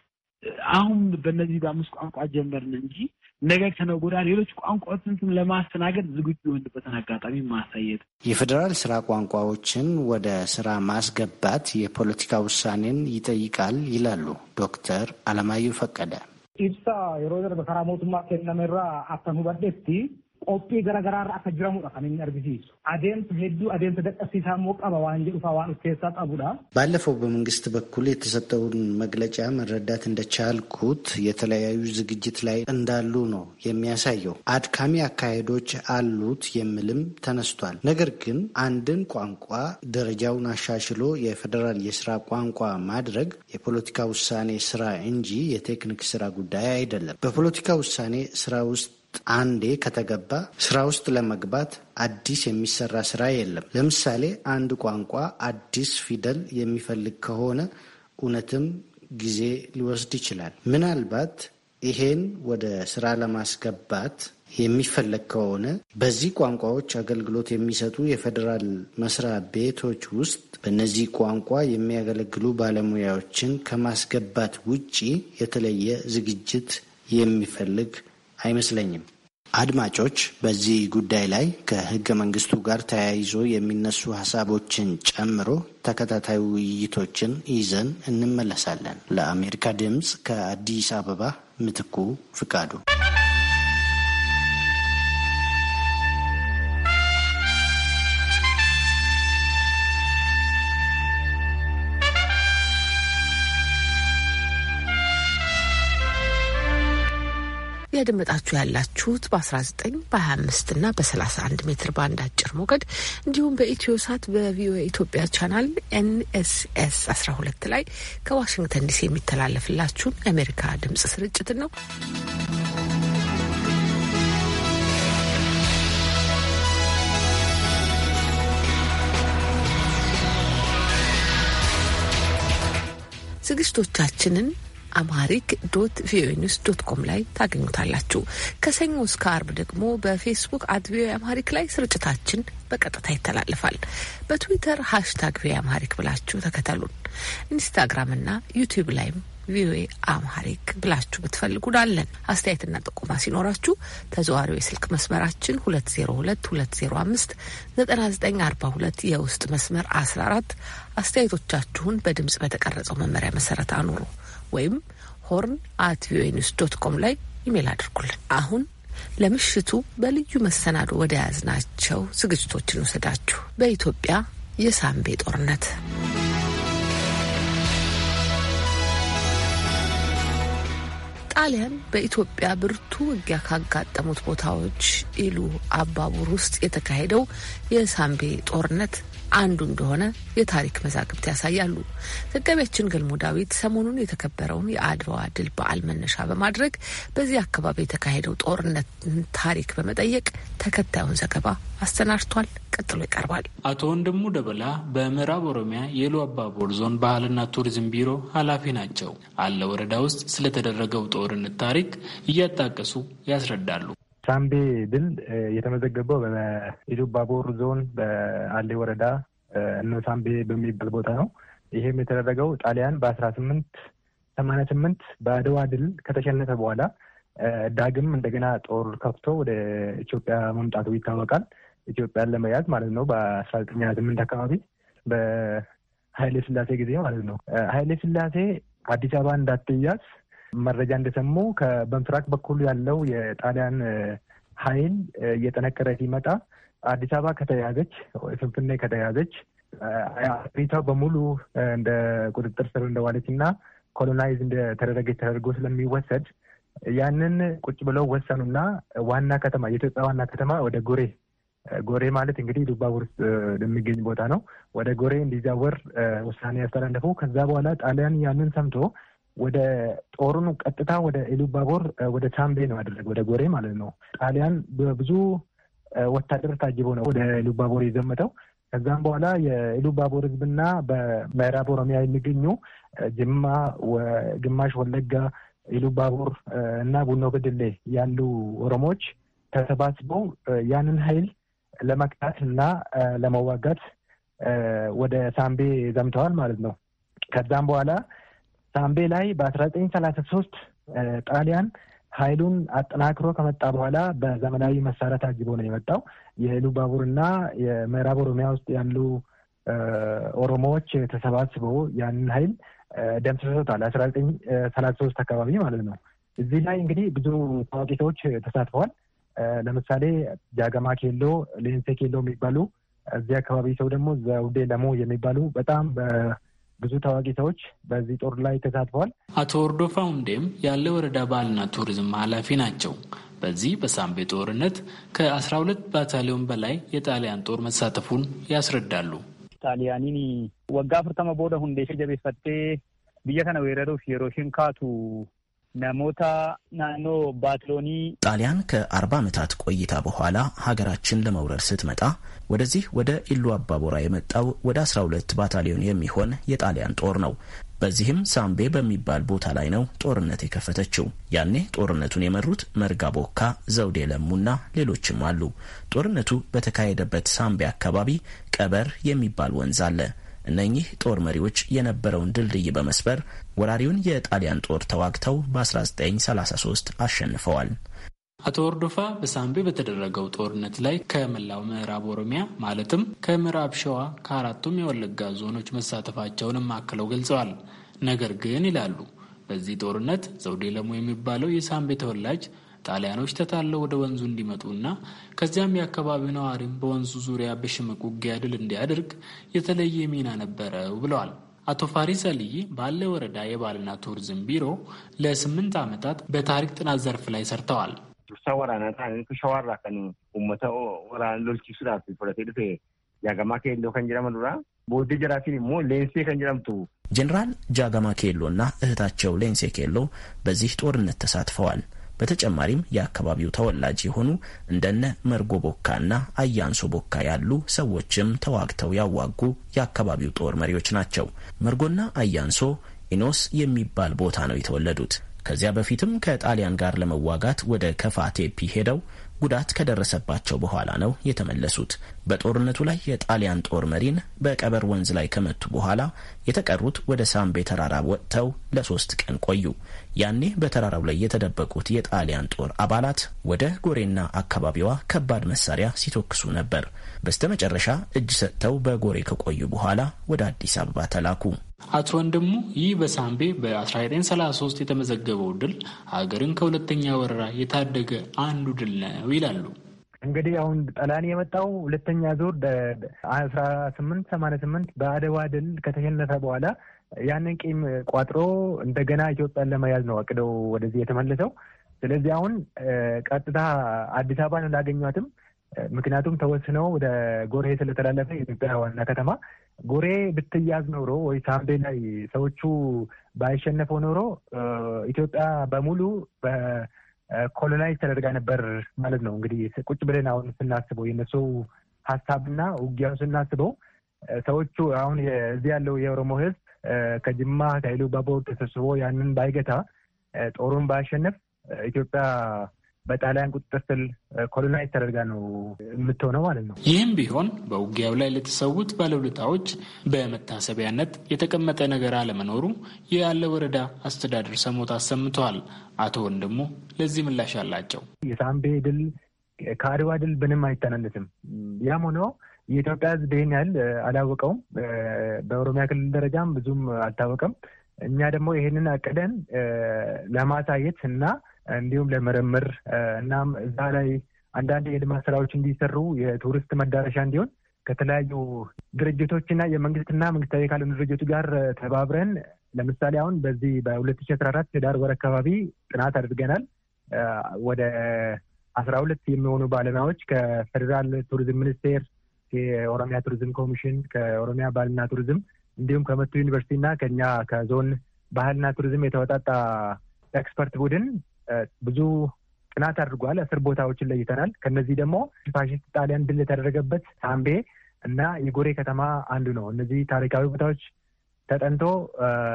አሁን በእነዚህ በአምስት ቋንቋ ጀመርን እንጂ ነገ ከነጎዳ ሌሎች ቋንቋዎችን ለማስተናገድ ዝግጁ የሆንበትን አጋጣሚ ማሳየት፣ የፌዴራል ስራ ቋንቋዎችን ወደ ስራ ማስገባት የፖለቲካ ውሳኔን ይጠይቃል ይላሉ ዶክተር አለማየሁ ፈቀደ። ኢብሳ የሮዘር በከራሞቱማ ሞቱማ ከነመራ አተሙ በደቲ qophii gara irra akka jiramudha kan inni argisiisu adeemsa hedduu adeemsa dadhabsiisaa immoo qaba waan jedhu waan of keessaa qabudha። ባለፈው በመንግስት በኩል የተሰጠውን መግለጫ መረዳት እንደቻልኩት የተለያዩ ዝግጅት ላይ እንዳሉ ነው የሚያሳየው። አድካሚ አካሄዶች አሉት የሚልም ተነስቷል። ነገር ግን አንድን ቋንቋ ደረጃውን አሻሽሎ የፌዴራል የስራ ቋንቋ ማድረግ የፖለቲካ ውሳኔ ስራ እንጂ የቴክኒክ ስራ ጉዳይ አይደለም። በፖለቲካ ውሳኔ ስራ ውስጥ አንዴ ከተገባ ስራ ውስጥ ለመግባት አዲስ የሚሰራ ስራ የለም። ለምሳሌ አንድ ቋንቋ አዲስ ፊደል የሚፈልግ ከሆነ እውነትም ጊዜ ሊወስድ ይችላል። ምናልባት ይሄን ወደ ስራ ለማስገባት የሚፈለግ ከሆነ በዚህ ቋንቋዎች አገልግሎት የሚሰጡ የፌዴራል መስሪያ ቤቶች ውስጥ በእነዚህ ቋንቋ የሚያገለግሉ ባለሙያዎችን ከማስገባት ውጪ የተለየ ዝግጅት የሚፈልግ አይመስለኝም። አድማጮች በዚህ ጉዳይ ላይ ከህገ መንግስቱ ጋር ተያይዞ የሚነሱ ሀሳቦችን ጨምሮ ተከታታይ ውይይቶችን ይዘን እንመለሳለን። ለአሜሪካ ድምፅ ከአዲስ አበባ ምትኩ ፍቃዱ እያደመጣችሁ ያላችሁት በ19 በ25 እና በ31 ሜትር ባንድ አጭር ሞገድ እንዲሁም በኢትዮ ሳት በቪኦኤ ኢትዮጵያ ቻናል ኤንኤስኤስ 12 ላይ ከዋሽንግተን ዲሲ የሚተላለፍላችሁን የአሜሪካ ድምጽ ስርጭትን ነው። ዝግጅቶቻችንን አማሪክ ዶት ቪኦኤ ኒውስ ዶት ኮም ላይ ታገኙታላችሁ። ከሰኞ እስከ አርብ ደግሞ በፌስቡክ አት ቪኦኤ አማሪክ ላይ ስርጭታችን በቀጥታ ይተላልፋል። በትዊተር ሃሽታግ ቪኦኤ አማሪክ ብላችሁ ተከተሉን። ኢንስታግራም ና ዩቲዩብ ላይም ቪኦኤ አማሪክ ብላችሁ ብትፈልጉን አለን። አስተያየትና ጥቆማ ሲኖራችሁ ተዘዋሪው የስልክ መስመራችን 202 205 9942 የውስጥ መስመር 14 አስተያየቶቻችሁን በድምጽ በተቀረጸው መመሪያ መሰረት አኑሩ። ወይም ሆርን አት ቪኦኤ ኒውስ ዶት ኮም ላይ ኢሜል አድርጉልን። አሁን ለምሽቱ በልዩ መሰናዶ ወደ ያዝናቸው ዝግጅቶችን ውሰዳችሁ። በኢትዮጵያ የሳምቤ ጦርነት ጣሊያን በኢትዮጵያ ብርቱ ውጊያ ካጋጠሙት ቦታዎች ኢሉ አባቡር ውስጥ የተካሄደው የሳምቤ ጦርነት አንዱ እንደሆነ የታሪክ መዛግብት ያሳያሉ። ዘጋቢያችን ገልሞ ዳዊት ሰሞኑን የተከበረውን የአድዋ ድል በዓል መነሻ በማድረግ በዚህ አካባቢ የተካሄደው ጦርነትን ታሪክ በመጠየቅ ተከታዩን ዘገባ አሰናድቷል። ቀጥሎ ይቀርባል። አቶ ወንድሙ ደበላ በምዕራብ ኦሮሚያ የሉ አባቦር ዞን ባህልና ቱሪዝም ቢሮ ኃላፊ ናቸው። አለ ወረዳ ውስጥ ስለተደረገው ጦርነት ታሪክ እያጣቀሱ ያስረዳሉ። ሳምቤ ድል የተመዘገበው በኢሉባቦር ዞን በአሌ ወረዳ ሳምቤ በሚባል ቦታ ነው። ይሄም የተደረገው ጣሊያን በአስራ ስምንት ሰማንያ ስምንት በአድዋ ድል ከተሸነፈ በኋላ ዳግም እንደገና ጦር ከፍቶ ወደ ኢትዮጵያ መምጣቱ ይታወቃል። ኢትዮጵያን ለመያዝ ማለት ነው። በአስራ ዘጠኝ ሀያ ስምንት አካባቢ በኃይሌ ስላሴ ጊዜ ማለት ነው። ኃይሌ ስላሴ አዲስ አበባ እንዳትያዝ መረጃ እንደሰሙ በምስራቅ በኩል ያለው የጣሊያን ኃይል እየጠነከረ ሲመጣ አዲስ አበባ ከተያዘች፣ ፍንፍኔ ከተያዘች አፍሪካ በሙሉ እንደ ቁጥጥር ስር እንደዋለች እና ኮሎናይዝ እንደተደረገች ተደርጎ ስለሚወሰድ ያንን ቁጭ ብለው ወሰኑና ዋና ከተማ የኢትዮጵያ ዋና ከተማ ወደ ጎሬ ጎሬ ማለት እንግዲህ ዱባ ውስጥ የሚገኝ ቦታ ነው። ወደ ጎሬ እንዲዛወር ውሳኔ ያስተላለፉ። ከዛ በኋላ ጣሊያን ያንን ሰምቶ ወደ ጦሩን ቀጥታ ወደ ኢሉባቦር ወደ ቻምቤ ነው ያደረገ፣ ወደ ጎሬ ማለት ነው። ጣሊያን በብዙ ወታደር ታጅቦ ነው ወደ ኢሉባቦር የዘመተው። ከዛም በኋላ የኢሉባቦር ህዝብና በምዕራብ ኦሮሚያ የሚገኙ ጅማ፣ ግማሽ ወለጋ፣ ኢሉባቦር እና ቡኖ በደሌ ያሉ ኦሮሞዎች ተሰባስበው ያንን ኃይል ለመክታት እና ለመዋጋት ወደ ሳምቤ ዘምተዋል ማለት ነው። ከዛም በኋላ ሳምቤ ላይ በ 1933 ጣሊያን ኃይሉን አጠናክሮ ከመጣ በኋላ በዘመናዊ መሳሪያ ታጅቦ ነው የመጣው። የኢሉ ባቡርና የምዕራብ ኦሮሚያ ውስጥ ያሉ ኦሮሞዎች ተሰባስበው ያንን ኃይል ደምስሰውታል። አስራ ዘጠኝ ሰላሳ ሶስት አካባቢ ማለት ነው። እዚህ ላይ እንግዲህ ብዙ ታዋቂ ሰዎች ተሳትፈዋል። ለምሳሌ ጃገማ ኬሎ፣ ሌንሴ ኬሎ የሚባሉ እዚህ አካባቢ ሰው ደግሞ ዘውዴ ለሞ የሚባሉ በጣም ብዙ ታዋቂ ሰዎች በዚህ ጦር ላይ ተሳትፈዋል። አቶ ወርዶፋ ሁንዴም ያለ ወረዳ ባህልና ቱሪዝም ኃላፊ ናቸው። በዚህ በሳምቤ ጦርነት ከ12 ባታሊዮን በላይ የጣሊያን ጦር መሳተፉን ያስረዳሉ። ጣሊያኒኒ ወጋ ፍርተመ ቦደ ሁንዴ ሸጀቤ ፈቴ ብየተነ ወረዶፍ የሮሽን ካቱ ነሞታ ናኖ ባትሎኒ ጣሊያን ከአርባ ዓመታት ቆይታ በኋላ ሀገራችን ለመውረር ስትመጣ ወደዚህ ወደ ኢሉ አባቦራ የመጣው ወደ 12 ባታሊዮን የሚሆን የጣሊያን ጦር ነው። በዚህም ሳምቤ በሚባል ቦታ ላይ ነው ጦርነት የከፈተችው። ያኔ ጦርነቱን የመሩት መርጋ ቦካ፣ ዘውዴ ለሙና ሌሎችም አሉ። ጦርነቱ በተካሄደበት ሳምቤ አካባቢ ቀበር የሚባል ወንዝ አለ። እነኚህ ጦር መሪዎች የነበረውን ድልድይ በመስበር ወራሪውን የጣሊያን ጦር ተዋግተው በ1933 አሸንፈዋል። አቶ ወርዶፋ በሳምቤ በተደረገው ጦርነት ላይ ከመላው ምዕራብ ኦሮሚያ ማለትም ከምዕራብ ሸዋ ከአራቱም የወለጋ ዞኖች መሳተፋቸውንም አክለው ገልጸዋል። ነገር ግን ይላሉ በዚህ ጦርነት ዘውዴ ለሙ የሚባለው የሳምቤ ተወላጅ ጣሊያኖች ተታለው ወደ ወንዙ እንዲመጡና ከዚያም የአካባቢው ነዋሪም በወንዙ ዙሪያ በሽምቅ ውጊያ ድል እንዲያደርግ የተለየ ሚና ነበረው ብለዋል። አቶ ፋሪስ አልይ ባለ ወረዳ የባህልና ቱሪዝም ቢሮ ለስምንት ዓመታት በታሪክ ጥናት ዘርፍ ላይ ሰርተዋል። ጀኔራል ጃጋማ ኬሎ እና እህታቸው ሌንሴ ኬሎ በዚህ ጦርነት ተሳትፈዋል። በተጨማሪም የአካባቢው ተወላጅ የሆኑ እንደነ መርጎ ቦካና አያንሶ ቦካ ያሉ ሰዎችም ተዋግተው ያዋጉ የአካባቢው ጦር መሪዎች ናቸው። መርጎና አያንሶ ኢኖስ የሚባል ቦታ ነው የተወለዱት። ከዚያ በፊትም ከጣሊያን ጋር ለመዋጋት ወደ ከፋቴፒ ሄደው ጉዳት ከደረሰባቸው በኋላ ነው የተመለሱት። በጦርነቱ ላይ የጣሊያን ጦር መሪን በቀበር ወንዝ ላይ ከመቱ በኋላ የተቀሩት ወደ ሳምቤ ተራራ ወጥተው ለሶስት ቀን ቆዩ። ያኔ በተራራው ላይ የተደበቁት የጣሊያን ጦር አባላት ወደ ጎሬና አካባቢዋ ከባድ መሳሪያ ሲተኩሱ ነበር። በስተመጨረሻ እጅ ሰጥተው በጎሬ ከቆዩ በኋላ ወደ አዲስ አበባ ተላኩ። አቶ ወንድሙ ይህ በሳምቤ በ1933 የተመዘገበው ድል ሀገርን ከሁለተኛ ወረራ የታደገ አንዱ ድል ነው ይላሉ። እንግዲህ አሁን ጠላን የመጣው ሁለተኛ ዙር አስራ ስምንት ሰማንያ ስምንት በአድዋ ድል ከተሸነፈ በኋላ ያንን ቂም ቋጥሮ እንደገና ኢትዮጵያን ለመያዝ ነው አቅደው ወደዚህ የተመለሰው። ስለዚህ አሁን ቀጥታ አዲስ አበባን አላገኟትም። ምክንያቱም ተወስነው ወደ ጎርሄ ስለተላለፈ የኢትዮጵያ ዋና ከተማ ጎሬ ብትያዝ ኖሮ ወይ ሳምቤ ላይ ሰዎቹ ባይሸነፈው ኖሮ ኢትዮጵያ በሙሉ በኮሎናይዝ ተደርጋ ነበር ማለት ነው። እንግዲህ ቁጭ ብለን አሁን ስናስበው የነሱ ሀሳብና ውጊያው ስናስበው ሰዎቹ አሁን እዚህ ያለው የኦሮሞ ህዝብ ከጅማ ከኢሉባቦር ተሰብስቦ ያንን ባይገታ ጦሩን ባያሸነፍ ኢትዮጵያ በጣሊያን ቁጥጥር ስር ኮሎናይዝ ተደርጋ ነው የምትሆነው ማለት ነው። ይህም ቢሆን በውጊያው ላይ ለተሰዉት ባለውለታዎች በመታሰቢያነት የተቀመጠ ነገር አለመኖሩ ያለ ወረዳ አስተዳደር ሰሞት አሰምተዋል። አቶ ወንድሙ ለዚህ ምላሽ አላቸው። የሳምቤ ድል ከአድዋ ድል ምንም አይተናነስም። ያም ሆኖ የኢትዮጵያ ሕዝብ ይህን ያህል አላወቀውም። በኦሮሚያ ክልል ደረጃም ብዙም አልታወቀም። እኛ ደግሞ ይህንን አቅደን ለማሳየት እና እንዲሁም ለምርምር እናም እዛ ላይ አንዳንድ የልማት ስራዎች እንዲሰሩ የቱሪስት መዳረሻ እንዲሆን ከተለያዩ ድርጅቶችና የመንግስትና መንግስታዊ ካልሆኑ ድርጅቱ ጋር ተባብረን ለምሳሌ አሁን በዚህ በሁለት ሺ አስራ አራት ህዳር ወር አካባቢ ጥናት አድርገናል። ወደ አስራ ሁለት የሚሆኑ ባለሙያዎች ከፌዴራል ቱሪዝም ሚኒስቴር፣ የኦሮሚያ ቱሪዝም ኮሚሽን፣ ከኦሮሚያ ባህልና ቱሪዝም እንዲሁም ከመቱ ዩኒቨርሲቲ ከኛ ከዞን ባህልና ቱሪዝም የተወጣጣ ኤክስፐርት ቡድን ብዙ ጥናት አድርጓል። አስር ቦታዎችን ለይተናል። ከነዚህ ደግሞ ፋሽስት ጣሊያን ድል የተደረገበት ሳምቤ እና የጎሬ ከተማ አንዱ ነው። እነዚህ ታሪካዊ ቦታዎች ተጠንቶ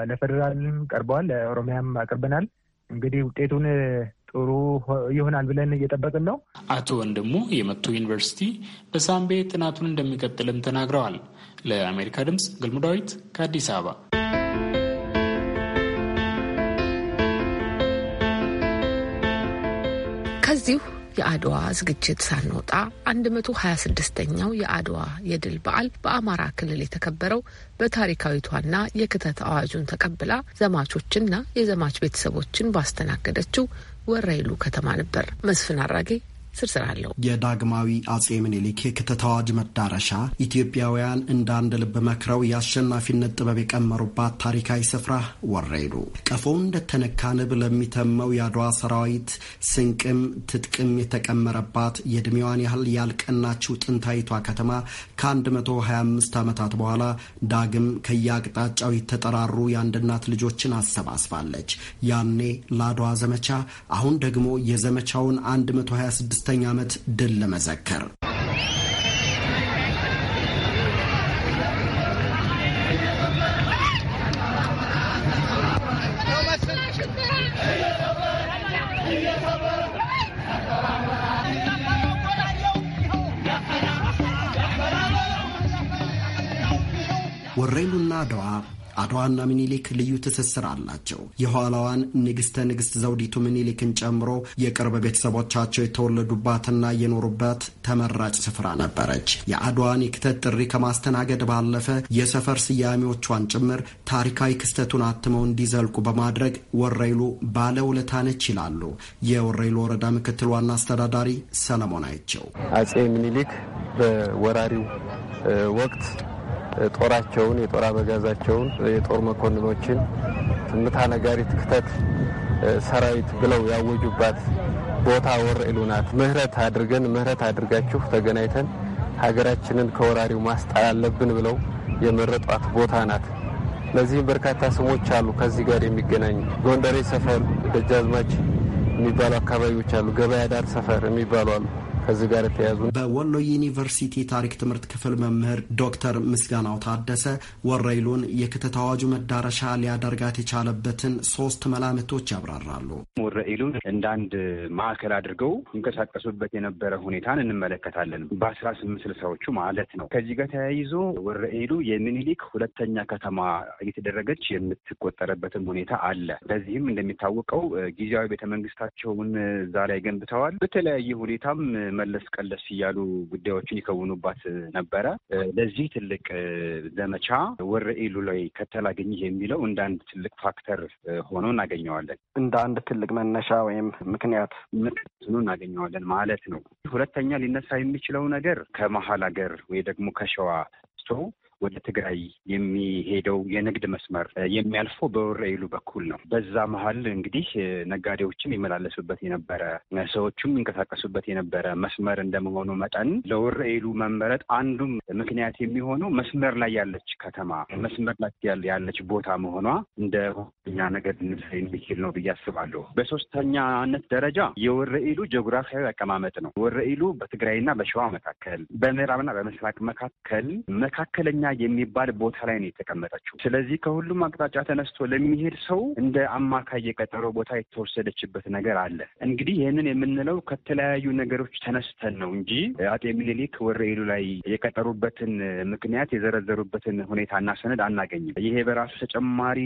ለፌዴራልም ቀርበዋል፣ ለኦሮሚያም አቅርበናል። እንግዲህ ውጤቱን ጥሩ ይሆናል ብለን እየጠበቅን ነው። አቶ ወንድሙ የመቱ ዩኒቨርሲቲ በሳምቤ ጥናቱን እንደሚቀጥልም ተናግረዋል። ለአሜሪካ ድምፅ ገልሙ ከአዲስ አበባ ከዚሁ የአድዋ ዝግጅት ሳንወጣ 126ኛው የአድዋ የድል በዓል በአማራ ክልል የተከበረው በታሪካዊቷና የክተት አዋጁን ተቀብላ ዘማቾችና የዘማች ቤተሰቦችን ባስተናገደችው ወራይሉ ከተማ ነበር። መስፍን አራጌ ዝርዝር አለው። የዳግማዊ አጼ ምኒልክ የክተት አዋጅ መዳረሻ ኢትዮጵያውያን እንደ አንድ ልብ መክረው የአሸናፊነት ጥበብ የቀመሩባት ታሪካዊ ስፍራ ወረይሉ ቀፎው እንደተነካ ንብ ለሚተመው የአድዋ ሰራዊት ስንቅም ትጥቅም የተቀመረባት የእድሜዋን ያህል ያልቀናችው ጥንታዊቷ ከተማ ከ125 ዓመታት በኋላ ዳግም ከየአቅጣጫው የተጠራሩ የአንድ እናት ልጆችን አሰባስባለች። ያኔ ለአድዋ ዘመቻ አሁን ደግሞ የዘመቻውን 126 አምስተኛ ዓመት ድል ለመዘከር ወሬሉና አድዋ አድዋና ምኒልክ ልዩ ትስስር አላቸው። የኋላዋን ንግስተ ንግስት ዘውዲቱ ምኒልክን ጨምሮ የቅርብ ቤተሰቦቻቸው የተወለዱባትና የኖሩበት ተመራጭ ስፍራ ነበረች። የአድዋን የክተት ጥሪ ከማስተናገድ ባለፈ የሰፈር ስያሜዎቿን ጭምር ታሪካዊ ክስተቱን አትመው እንዲዘልቁ በማድረግ ወረይሉ ባለውለታ ነች ይላሉ የወረይሉ ወረዳ ምክትል ዋና አስተዳዳሪ ሰለሞን አይቸው። አጼ ምኒልክ በወራሪው ወቅት ጦራቸውን፣ የጦር አበጋዛቸውን፣ የጦር መኮንኖችን ትምታ ነጋሪት ክተት ሰራዊት ብለው ያወጁባት ቦታ ወረኢሉ ናት። ምህረት አድርገን ምህረት አድርጋችሁ ተገናኝተን ሀገራችንን ከወራሪው ማስጣል አለብን ብለው የመረጧት ቦታ ናት። ለዚህም በርካታ ስሞች አሉ ከዚህ ጋር የሚገናኙ ጎንደሬ ሰፈር፣ ደጃዝማች የሚባሉ አካባቢዎች አሉ። ገበያ ዳር ሰፈር የሚባሉ አሉ። ከዚህ ጋር የተያዙ በወሎ ዩኒቨርሲቲ ታሪክ ትምህርት ክፍል መምህር ዶክተር ምስጋናው ታደሰ ወረይሉን የክተት አዋጁ መዳረሻ ሊያደርጋት የቻለበትን ሶስት መላምቶች ያብራራሉ። ወረይሉን እንደ አንድ ማዕከል አድርገው እንቀሳቀሱበት የነበረ ሁኔታን እንመለከታለን። በአስራ ስምንት ስልሳዎቹ ማለት ነው። ከዚህ ጋር ተያይዞ ወረኢሉ የሚኒሊክ ሁለተኛ ከተማ እየተደረገች የምትቆጠረበትም ሁኔታ አለ። በዚህም እንደሚታወቀው ጊዜያዊ ቤተመንግስታቸውን እዛ ላይ ገንብተዋል። በተለያየ ሁኔታም መለስ ቀለስ እያሉ ጉዳዮችን ይከውኑባት ነበረ። ለዚህ ትልቅ ዘመቻ ወረ ኢሉ ላይ ከተላገኘ የሚለው እንደ አንድ ትልቅ ፋክተር ሆኖ እናገኘዋለን። እንደ አንድ ትልቅ መነሻ ወይም ምክንያት ሆኖ እናገኘዋለን ማለት ነው። ሁለተኛ ሊነሳ የሚችለው ነገር ከመሀል ሀገር ወይ ደግሞ ከሸዋ ወደ ትግራይ የሚሄደው የንግድ መስመር የሚያልፈው በወረኢሉ በኩል ነው። በዛ መሀል እንግዲህ ነጋዴዎችም ይመላለሱበት የነበረ ሰዎቹም ይንቀሳቀሱበት የነበረ መስመር እንደመሆኑ መጠን ለወረኢሉ መመረጥ አንዱም ምክንያት የሚሆነው መስመር ላይ ያለች ከተማ መስመር ላይ ያለች ቦታ መሆኗ እንደ ሁለተኛ ነገር የሚችል ነው ብዬ አስባለሁ። በሶስተኛነት ደረጃ የወረኢሉ ጂኦግራፊያዊ አቀማመጥ ነው። ወረኢሉ በትግራይና በሸዋ መካከል፣ በምዕራብና በምስራቅ መካከል መካከለኛ የሚባል ቦታ ላይ ነው የተቀመጠችው። ስለዚህ ከሁሉም አቅጣጫ ተነስቶ ለሚሄድ ሰው እንደ አማካይ የቀጠሮ ቦታ የተወሰደችበት ነገር አለ። እንግዲህ ይህንን የምንለው ከተለያዩ ነገሮች ተነስተን ነው እንጂ አጤ ምኒልክ ወረኢሉ ላይ የቀጠሩበትን ምክንያት የዘረዘሩበትን እና ሰነድ አናገኝም። ይሄ በራሱ ተጨማሪ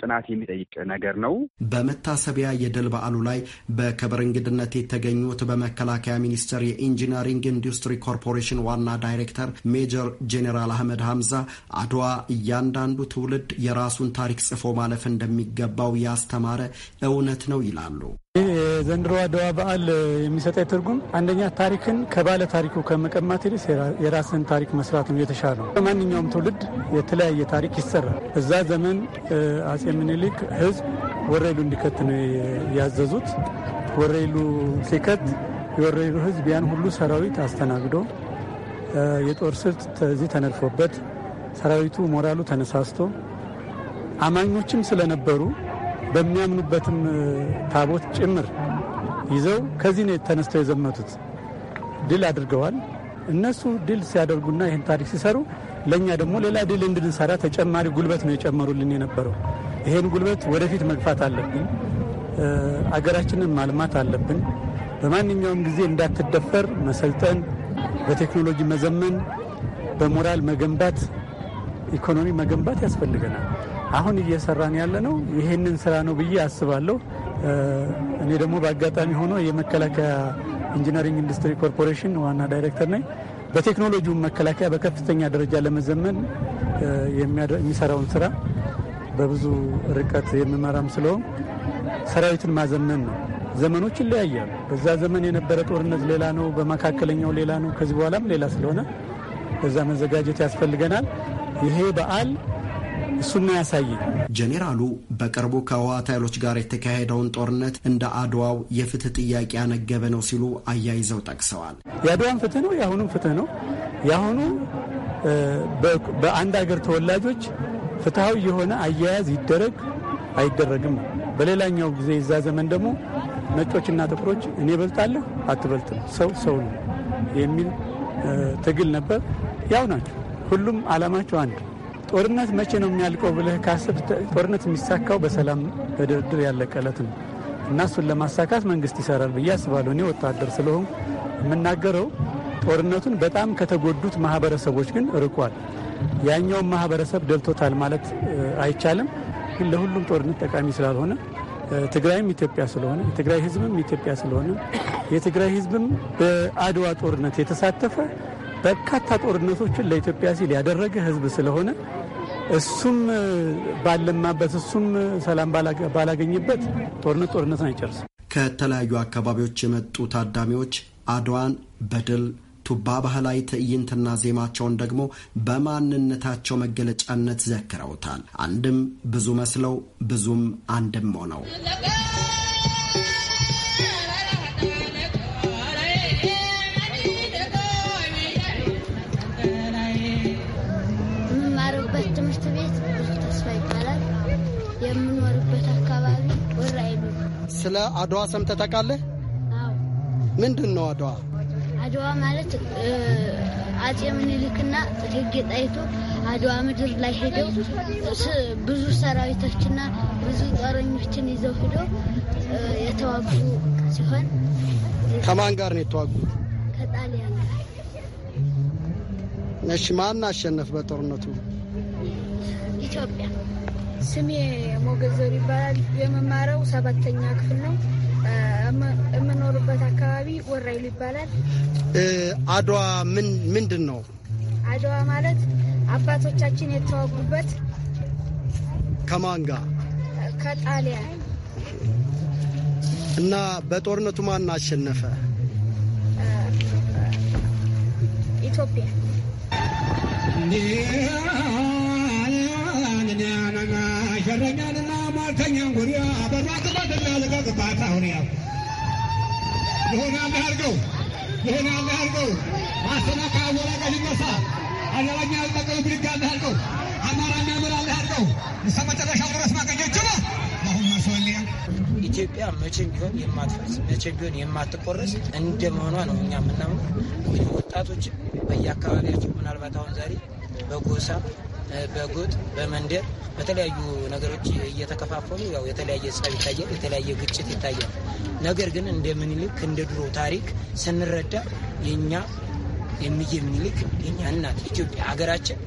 ጥናት የሚጠይቅ ነገር ነው። በመታሰቢያ የድል በዓሉ ላይ በክብር እንግድነት የተገኙት በመከላከያ ሚኒስቴር የኢንጂነሪንግ ኢንዱስትሪ ኮርፖሬሽን ዋና ዳይሬክተር ሜጀር ጄኔራል አህመድ ሀምዛ ሀምዛ አድዋ እያንዳንዱ ትውልድ የራሱን ታሪክ ጽፎ ማለፍ እንደሚገባው ያስተማረ እውነት ነው ይላሉ። ይህ የዘንድሮ አድዋ በዓል የሚሰጠኝ ትርጉም አንደኛ ታሪክን ከባለ ታሪኩ ከመቀማት ይልስ የራስን ታሪክ መስራት ነው የተሻለው። በማንኛውም ትውልድ የተለያየ ታሪክ ይሰራል። እዛ ዘመን አጼ ምኒልክ ህዝብ ወረኢሉ እንዲከት ነው ያዘዙት። ወረኢሉ ሲከት የወረኢሉ ህዝብ ያን ሁሉ ሰራዊት አስተናግዶ የጦር ስልት እዚህ ተነድፎበት ሰራዊቱ ሞራሉ ተነሳስቶ አማኞችም ስለነበሩ በሚያምኑበትም ታቦት ጭምር ይዘው ከዚህ ነው ተነስተው የዘመቱት። ድል አድርገዋል። እነሱ ድል ሲያደርጉና ይህን ታሪክ ሲሰሩ ለእኛ ደግሞ ሌላ ድል እንድንሰራ ተጨማሪ ጉልበት ነው የጨመሩልን የነበረው። ይህን ጉልበት ወደፊት መግፋት አለብን። አገራችንን ማልማት አለብን። በማንኛውም ጊዜ እንዳትደፈር መሰልጠን፣ በቴክኖሎጂ መዘመን፣ በሞራል መገንባት ኢኮኖሚ መገንባት ያስፈልገናል። አሁን እየሰራን ያለነው ይህንን ስራ ነው ብዬ አስባለሁ። እኔ ደግሞ በአጋጣሚ ሆኖ የመከላከያ ኢንጂነሪንግ ኢንዱስትሪ ኮርፖሬሽን ዋና ዳይሬክተር ነኝ። በቴክኖሎጂው መከላከያ በከፍተኛ ደረጃ ለመዘመን የሚሰራውን ስራ በብዙ ርቀት የምመራም ስለሆን ሰራዊትን ማዘመን ነው። ዘመኖች ይለያያሉ። በዛ ዘመን የነበረ ጦርነት ሌላ ነው፣ በመካከለኛው ሌላ ነው፣ ከዚህ በኋላም ሌላ ስለሆነ በዛ መዘጋጀት ያስፈልገናል። ይሄ በዓል እሱና ያሳይ ጀኔራሉ ጄኔራሉ በቅርቡ ከህወሓት ኃይሎች ጋር የተካሄደውን ጦርነት እንደ አድዋው የፍትህ ጥያቄ ያነገበ ነው ሲሉ አያይዘው ጠቅሰዋል። የአድዋን ፍትህ ነው፣ የአሁኑም ፍትህ ነው። የአሁኑ በአንድ ሀገር ተወላጆች ፍትሐዊ የሆነ አያያዝ ይደረግ አይደረግም። በሌላኛው ጊዜ የዛ ዘመን ደግሞ ነጮችና ጥቁሮች እኔ እበልጣለሁ አትበልጥም፣ ሰው ሰው ነው የሚል ትግል ነበር። ያው ናቸው ሁሉም አላማቸው አንዱ ጦርነት መቼ ነው የሚያልቀው ብለህ ካስብ ጦርነት የሚሳካው በሰላም በድርድር ያለቀለት ነው እና እሱን ለማሳካት መንግስት ይሰራል ብዬ አስባለሁ። እኔ ወታደር ስለሆን የምናገረው ጦርነቱን በጣም ከተጎዱት ማህበረሰቦች ግን ርቋል። ያኛውን ማህበረሰብ ደልቶታል ማለት አይቻልም። ግን ለሁሉም ጦርነት ጠቃሚ ስላልሆነ ትግራይም ኢትዮጵያ ስለሆነ የትግራይ ህዝብም ኢትዮጵያ ስለሆነ የትግራይ ህዝብም በአድዋ ጦርነት የተሳተፈ በርካታ ጦርነቶችን ለኢትዮጵያ ሲል ያደረገ ህዝብ ስለሆነ እሱም ባለማበት እሱም ሰላም ባላገኝበት ጦርነት ጦርነትን አይጨርስም። ከተለያዩ አካባቢዎች የመጡ ታዳሚዎች አድዋን በድል ቱባ ባህላዊ ትዕይንትና ዜማቸውን ደግሞ በማንነታቸው መገለጫነት ዘክረውታል። አንድም ብዙ መስለው ብዙም አንድም ሆነው ስለ አድዋ ሰምተህ ታውቃለህ? ምንድን ነው አድዋ? አድዋ ማለት አጼ ምኒልክና እቴጌ ጣይቱ አድዋ ምድር ላይ ሄደው ብዙ ሰራዊቶችና ብዙ ጦረኞችን ይዘው ሄደው የተዋጉ ሲሆን ከማን ጋር ነው የተዋጉት? ከጣሊያን ጋር። እሺ፣ ማን አሸነፍ በጦርነቱ? ኢትዮጵያ ስሜ ሞገዘር ይባላል። የምማረው ሰባተኛ ክፍል ነው። የምኖርበት አካባቢ ወራይሉ ይባላል። አድዋ ምን ምንድን ነው? አድዋ ማለት አባቶቻችን የተዋጉበት ከማን ጋር? ከጣሊያን እና በጦርነቱ ማን አሸነፈ? ኢትዮጵያ ሸረኛንና ሟልተኛን ጉሪ አበራ ጥበት የሚያልቀቅ ባት አሁን ያው የሆነ አንድ አድርገው የሆነ አንድ አድርገው ማሰናካ አወላቀሽ ይነሳ አለበኛ ያልጠቀሙ ብድግ አንድ አድርገው አማራ የሚያምር አንድ አድርገው እስከ መጨረሻው ድረስ ማገኘት ኢትዮጵያ መቼም ቢሆን የማትፈርስ መቼም ቢሆን የማትቆረስ እንደ ነው እኛ የምናምነው። ወጣቶች በየአካባቢያቸው ምናልባት አሁን ዛሬ በጎሳ በጎጥ በመንደር በተለያዩ ነገሮች እየተከፋፈሉ ያው የተለያየ ጸብ ይታያል፣ የተለያየ ግጭት ይታያል። ነገር ግን እንደ ምኒልክ እንደ ድሮ ታሪክ ስንረዳ የእኛ የሚዬ ምኒልክ የኛ እናት ኢትዮጵያ ሀገራችን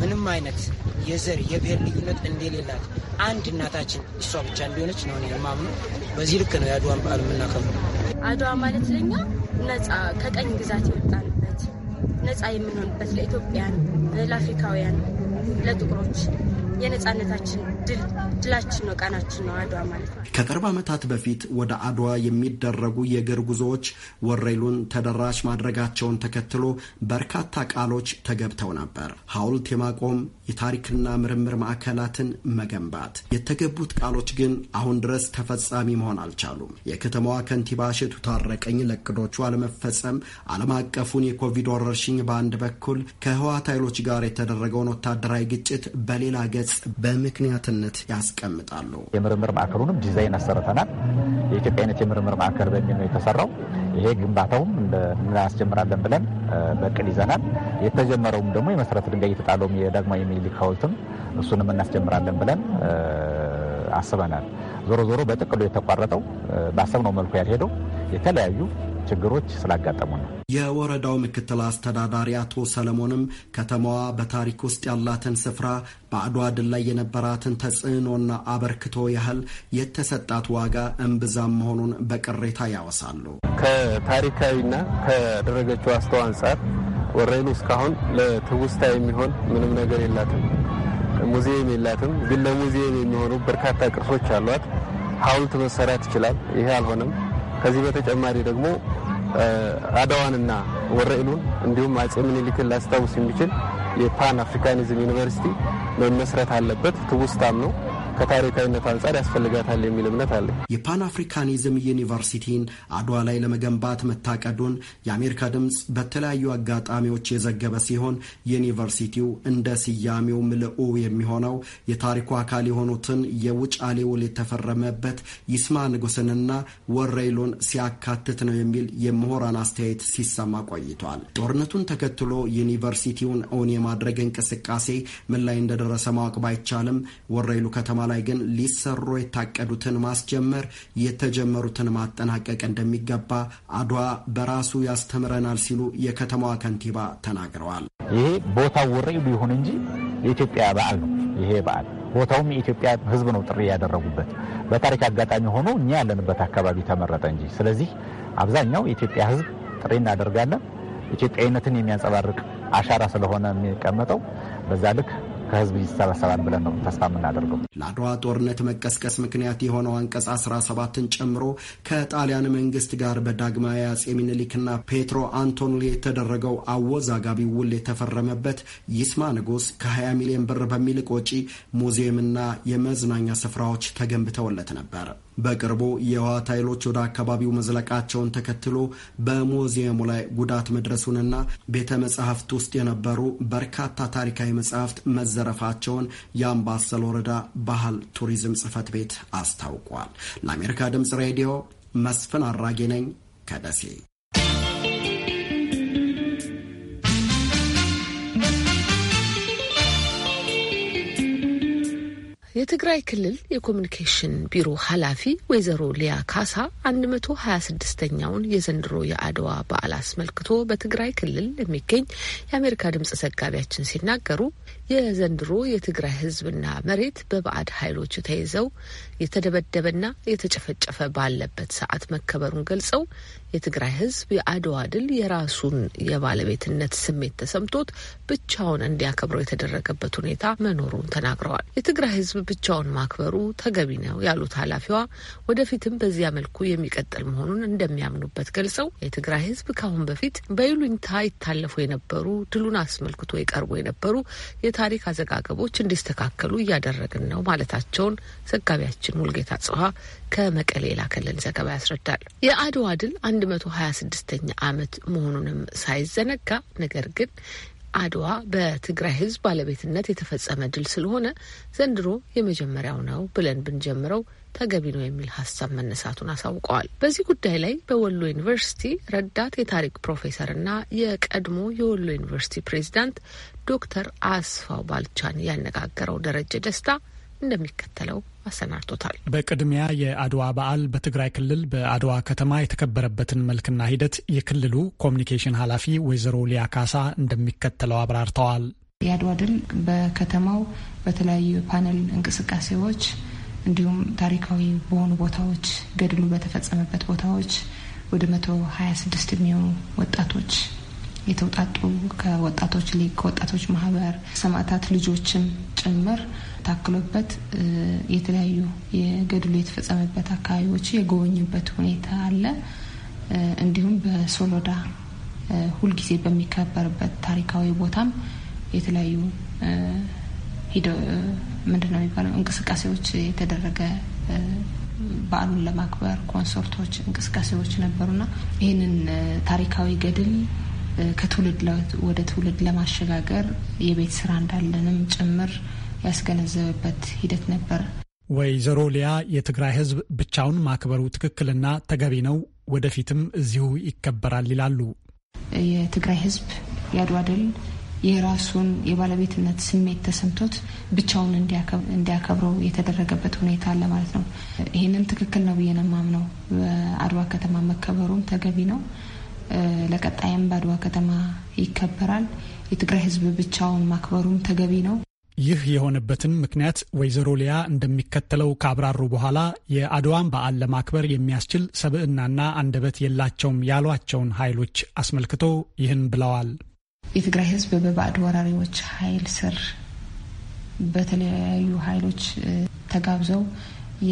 ምንም አይነት የዘር የብሔር ልዩነት እንደሌላት አንድ እናታችን እሷ ብቻ እንዲሆነች ነው የማምኑ። በዚህ ልክ ነው የአድዋን በዓል የምናከብረው። አድዋ ማለት ለኛ ነጻ ከቀኝ ግዛት የወጣንበት ነጻ የምንሆንበት ለኢትዮጵያን ለአፍሪካውያን ለጥቁሮች የነፃነታችን ድላችን ነው፣ ቀናችን ነው አድዋ ማለት ነው። ከቅርብ ዓመታት በፊት ወደ አድዋ የሚደረጉ የእግር ጉዞዎች ወረይሉን ተደራሽ ማድረጋቸውን ተከትሎ በርካታ ቃሎች ተገብተው ነበር። ሐውልት የማቆም የታሪክና ምርምር ማዕከላትን መገንባት የተገቡት ቃሎች ግን አሁን ድረስ ተፈጻሚ መሆን አልቻሉም። የከተማዋ ከንቲባ እሸቱ ታረቀኝ ለቅዶቹ አለመፈጸም ዓለም አቀፉን የኮቪድ ወረርሽኝ በአንድ በኩል ከህወሓት ኃይሎች ጋር የተደረገውን ወታደራዊ ግጭት በሌላ ገጽ በምክንያት በግልጽነት ያስቀምጣሉ። የምርምር ማዕከሉንም ዲዛይን አሰርተናል። አይነት የምርምር ማዕከል በሚል ነው የተሰራው። ይሄ ግንባታውም እናስጀምራለን ብለን በቅድ ይዘናል። የተጀመረውም ደግሞ የመሰረተ ድንጋይ የተጣለውም የዳግማ ምኒልክ ሐውልትም እሱንም እናስጀምራለን ብለን አስበናል። ዞሮ ዞሮ በጥቅሉ የተቋረጠው ባሰብነው መልኩ ያልሄደው የተለያዩ ችግሮች ስላጋጠሙ ነው። የወረዳው ምክትል አስተዳዳሪ አቶ ሰለሞንም ከተማዋ በታሪክ ውስጥ ያላትን ስፍራ በአድዋ ድል ላይ የነበራትን ተጽዕኖና አበርክቶ ያህል የተሰጣት ዋጋ እምብዛም መሆኑን በቅሬታ ያወሳሉ። ከታሪካዊና ከደረገችው አስተዋ አንጻር ወረይሉ እስካሁን ለትውስታ የሚሆን ምንም ነገር የላትም። ሙዚየም የላትም። ግን ለሙዚየም የሚሆኑ በርካታ ቅርሶች አሏት። ሐውልት መሰራት ይችላል። ይሄ አልሆነም። ከዚህ በተጨማሪ ደግሞ አድዋንና ወረኢሉን እንዲሁም አጼ ምኒልክን ላስታውስ የሚችል የፓን አፍሪካኒዝም ዩኒቨርሲቲ መመስረት አለበት ትውስታም ነው። ከታሪካዊነት አንጻር ያስፈልጋታል የሚል እምነት አለ። የፓን አፍሪካኒዝም ዩኒቨርሲቲን አድዋ ላይ ለመገንባት መታቀዱን የአሜሪካ ድምፅ በተለያዩ አጋጣሚዎች የዘገበ ሲሆን ዩኒቨርሲቲው እንደ ስያሜው ምልኡ የሚሆነው የታሪኩ አካል የሆኑትን የውጫሌ ውል የተፈረመበት ይስማ ንጉስንና ወረይሉን ሲያካትት ነው የሚል የምሁራን አስተያየት ሲሰማ ቆይቷል። ጦርነቱን ተከትሎ ዩኒቨርሲቲውን እውን የማድረግ እንቅስቃሴ ምን ላይ እንደደረሰ ማወቅ ባይቻልም ወረይሉ ከተማ ላይ ግን ሊሰሩ የታቀዱትን ማስጀመር፣ የተጀመሩትን ማጠናቀቅ እንደሚገባ አድዋ በራሱ ያስተምረናል ሲሉ የከተማዋ ከንቲባ ተናግረዋል። ይሄ ቦታው ወሬ ቢሆን እንጂ የኢትዮጵያ በዓል ነው። ይሄ በዓል ቦታውም የኢትዮጵያ ሕዝብ ነው ጥሪ ያደረጉበት። በታሪክ አጋጣሚ ሆኖ እኛ ያለንበት አካባቢ ተመረጠ እንጂ። ስለዚህ አብዛኛው የኢትዮጵያ ሕዝብ ጥሪ እናደርጋለን። ኢትዮጵያዊነትን የሚያንጸባርቅ አሻራ ስለሆነ የሚቀመጠው በዛ ልክ ከህዝብ ይሰበሰባል ብለን ነው ተስፋ የምናደርገው። ለአድዋ ጦርነት መቀስቀስ ምክንያት የሆነው አንቀጽ 17ን ጨምሮ ከጣሊያን መንግስት ጋር በዳግማዊ አጼ ሚኒሊክና ፔትሮ አንቶኒ የተደረገው አወዛጋቢ ውል የተፈረመበት ይስማ ንጉስ ከ20 ሚሊዮን ብር በሚልቅ ወጪ ሙዚየምና የመዝናኛ ስፍራዎች ተገንብተውለት ነበር። በቅርቡ የህወሓት ኃይሎች ወደ አካባቢው መዝለቃቸውን ተከትሎ በሙዚየሙ ላይ ጉዳት መድረሱንና ቤተ መጻሕፍት ውስጥ የነበሩ በርካታ ታሪካዊ መጻሕፍት መዘረፋቸውን የአምባሰል ወረዳ ባህል ቱሪዝም ጽሕፈት ቤት አስታውቋል። ለአሜሪካ ድምፅ ሬዲዮ መስፍን አራጌ ነኝ ከደሴ የትግራይ ክልል የኮሚኒኬሽን ቢሮ ኃላፊ ወይዘሮ ሊያ ካሳ 126ኛውን የዘንድሮ የአድዋ በዓል አስመልክቶ በትግራይ ክልል የሚገኝ የአሜሪካ ድምጽ ዘጋቢያችን ሲናገሩ የዘንድሮ የትግራይ ህዝብና መሬት በባዕድ ኃይሎች ተይዘው የተደበደበና የተጨፈጨፈ ባለበት ሰዓት መከበሩን ገልጸው የትግራይ ህዝብ የአድዋ ድል የራሱን የባለቤትነት ስሜት ተሰምቶት ብቻውን እንዲያከብረው የተደረገበት ሁኔታ መኖሩን ተናግረዋል። የትግራይ ህዝብ ብቻውን ማክበሩ ተገቢ ነው ያሉት ኃላፊዋ ወደፊትም በዚያ መልኩ የሚቀጥል መሆኑን እንደሚያምኑበት ገልጸው የትግራይ ህዝብ ከአሁን በፊት በይሉኝታ ይታለፉ የነበሩ ድሉን አስመልክቶ የቀርቡ የነበሩ የታሪክ አዘጋገቦች እንዲስተካከሉ እያደረግን ነው ማለታቸውን ዘጋቢያችን ሙልጌታ ጽሀ ከመቀሌ ላከልን ዘገባ ያስረዳል። የአድዋ ድል አንድ መቶ ሀያ ስድስተኛ ዓመት መሆኑንም ሳይዘነጋ ነገር ግን አድዋ በትግራይ ሕዝብ ባለቤትነት የተፈጸመ ድል ስለሆነ ዘንድሮ የመጀመሪያው ነው ብለን ብንጀምረው ተገቢ ነው የሚል ሀሳብ መነሳቱን አሳውቀዋል። በዚህ ጉዳይ ላይ በወሎ ዩኒቨርሲቲ ረዳት የታሪክ ፕሮፌሰርና የቀድሞ የወሎ ዩኒቨርሲቲ ፕሬዚዳንት ዶክተር አስፋው ባልቻን ያነጋገረው ደረጀ ደስታ እንደሚከተለው አሰናድቶታል። በቅድሚያ የአድዋ በዓል በትግራይ ክልል በአድዋ ከተማ የተከበረበትን መልክና ሂደት የክልሉ ኮሚኒኬሽን ኃላፊ ወይዘሮ ሊያ ካሳ እንደሚከተለው አብራርተዋል። የአድዋ ድል በከተማው በተለያዩ ፓነል እንቅስቃሴዎች እንዲሁም ታሪካዊ በሆኑ ቦታዎች ገድሉ በተፈጸመበት ቦታዎች ወደ መቶ ሀያ ስድስት የሚሆኑ ወጣቶች የተውጣጡ ከወጣቶች ሊግ ከወጣቶች ማህበር ሰማዕታት ልጆችም ጭምር ታክሎበት የተለያዩ የገድሉ የተፈጸመበት አካባቢዎች የጎበኙበት ሁኔታ አለ። እንዲሁም በሶሎዳ ሁልጊዜ በሚከበርበት ታሪካዊ ቦታም የተለያዩ ምንድነው የሚባለው እንቅስቃሴዎች የተደረገ በዓሉን ለማክበር ኮንሰርቶች፣ እንቅስቃሴዎች ነበሩና ይህንን ታሪካዊ ገድል ከትውልድ ወደ ትውልድ ለማሸጋገር የቤት ስራ እንዳለንም ጭምር ያስገነዘበበት ሂደት ነበር። ወይዘሮ ሊያ የትግራይ ሕዝብ ብቻውን ማክበሩ ትክክልና ተገቢ ነው፣ ወደፊትም እዚሁ ይከበራል ይላሉ። የትግራይ ሕዝብ የአድዋ ድል የራሱን የባለቤትነት ስሜት ተሰምቶት ብቻውን እንዲያከብረው የተደረገበት ሁኔታ አለ ማለት ነው። ይህንን ትክክል ነው ብዬ ነው የማምነው። በአድዋ ከተማ መከበሩም ተገቢ ነው። ለቀጣይም በአድዋ ከተማ ይከበራል። የትግራይ ህዝብ ብቻውን ማክበሩም ተገቢ ነው። ይህ የሆነበትን ምክንያት ወይዘሮ ሊያ እንደሚከተለው ካብራሩ በኋላ የአድዋን በዓል ለማክበር የሚያስችል ሰብዕናና አንደበት የላቸውም ያሏቸውን ኃይሎች አስመልክቶ ይህን ብለዋል። የትግራይ ህዝብ በባዕድ ወራሪዎች ኃይል ስር በተለያዩ ኃይሎች ተጋብዘው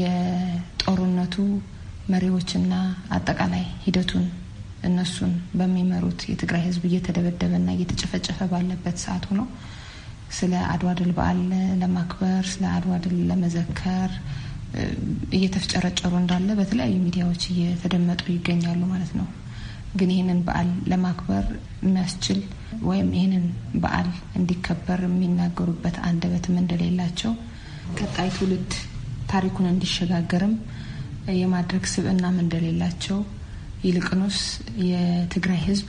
የጦርነቱ መሪዎችና አጠቃላይ ሂደቱን እነሱን በሚመሩት የትግራይ ህዝብ እየተደበደበና እየተጨፈጨፈ ባለበት ሰዓት ሆኖ ስለ አድዋ ድል በዓል ለማክበር ስለ አድዋ ድል ለመዘከር እየተፍጨረጨሩ እንዳለ በተለያዩ ሚዲያዎች እየተደመጡ ይገኛሉ ማለት ነው። ግን ይህንን በዓል ለማክበር የሚያስችል ወይም ይህንን በዓል እንዲከበር የሚናገሩበት አንደበትም እንደሌላቸው ቀጣይ ትውልድ ታሪኩን እንዲሸጋገርም የማድረግ ስብዕናም እንደሌላቸው ይልቅኑስ የትግራይ ሕዝብ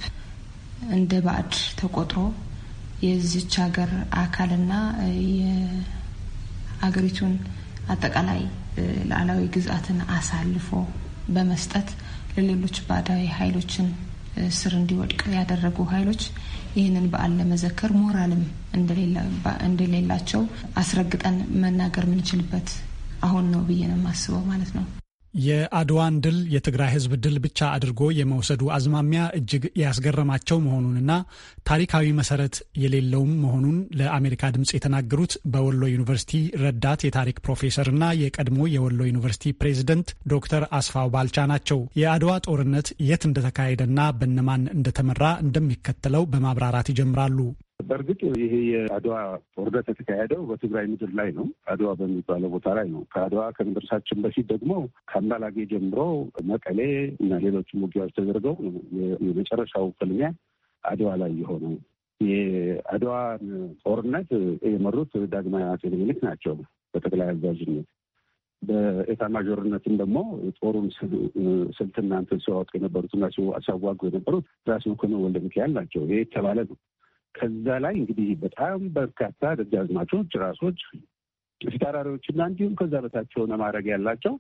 እንደ ባዕድ ተቆጥሮ የዚች ሀገር አካልና የሀገሪቱን አጠቃላይ ሉዓላዊ ግዛትን አሳልፎ በመስጠት ለሌሎች ባዕዳዊ ኃይሎችን ስር እንዲወድቅ ያደረጉ ኃይሎች ይህንን በዓል ለመዘከር ሞራልም እንደሌላቸው አስረግጠን መናገር የምንችልበት አሁን ነው ብዬ ነው የማስበው ማለት ነው። የአድዋን ድል የትግራይ ህዝብ ድል ብቻ አድርጎ የመውሰዱ አዝማሚያ እጅግ ያስገረማቸው መሆኑንና ታሪካዊ መሰረት የሌለውም መሆኑን ለአሜሪካ ድምፅ የተናገሩት በወሎ ዩኒቨርሲቲ ረዳት የታሪክ ፕሮፌሰርና የቀድሞ የወሎ ዩኒቨርሲቲ ፕሬዝደንት ዶክተር አስፋው ባልቻ ናቸው። የአድዋ ጦርነት የት እንደተካሄደና በነማን እንደተመራ እንደሚከተለው በማብራራት ይጀምራሉ። በእርግጥ ይሄ የአድዋ ጦርነት የተካሄደው በትግራይ ምድር ላይ ነው፣ አድዋ በሚባለው ቦታ ላይ ነው። ከአድዋ ከመድረሳችን በፊት ደግሞ ከአምባላጌ ጀምሮ መቀሌ እና ሌሎችም ውጊያዎች ተደርገው የመጨረሻው ፍልሚያ አድዋ ላይ የሆነው። የአድዋን ጦርነት የመሩት ዳግማዊ አጼ ምኒልክ ናቸው በጠቅላይ አዛዥነት በኤታ ማዦርነትም ደግሞ ጦሩን ስልትና እንትን የነበሩት የነበሩትና ሲያዋጉ የነበሩት ራስ መኮንን ወልደ ሚካኤል ናቸው። ይህ የተባለ ነው። ከዛ ላይ እንግዲህ በጣም በርካታ ደጃዝማቾች፣ ራሶች፣ ፊታውራሪዎችና እንዲሁም ከዛ በታች የሆነ ማድረግ ያላቸው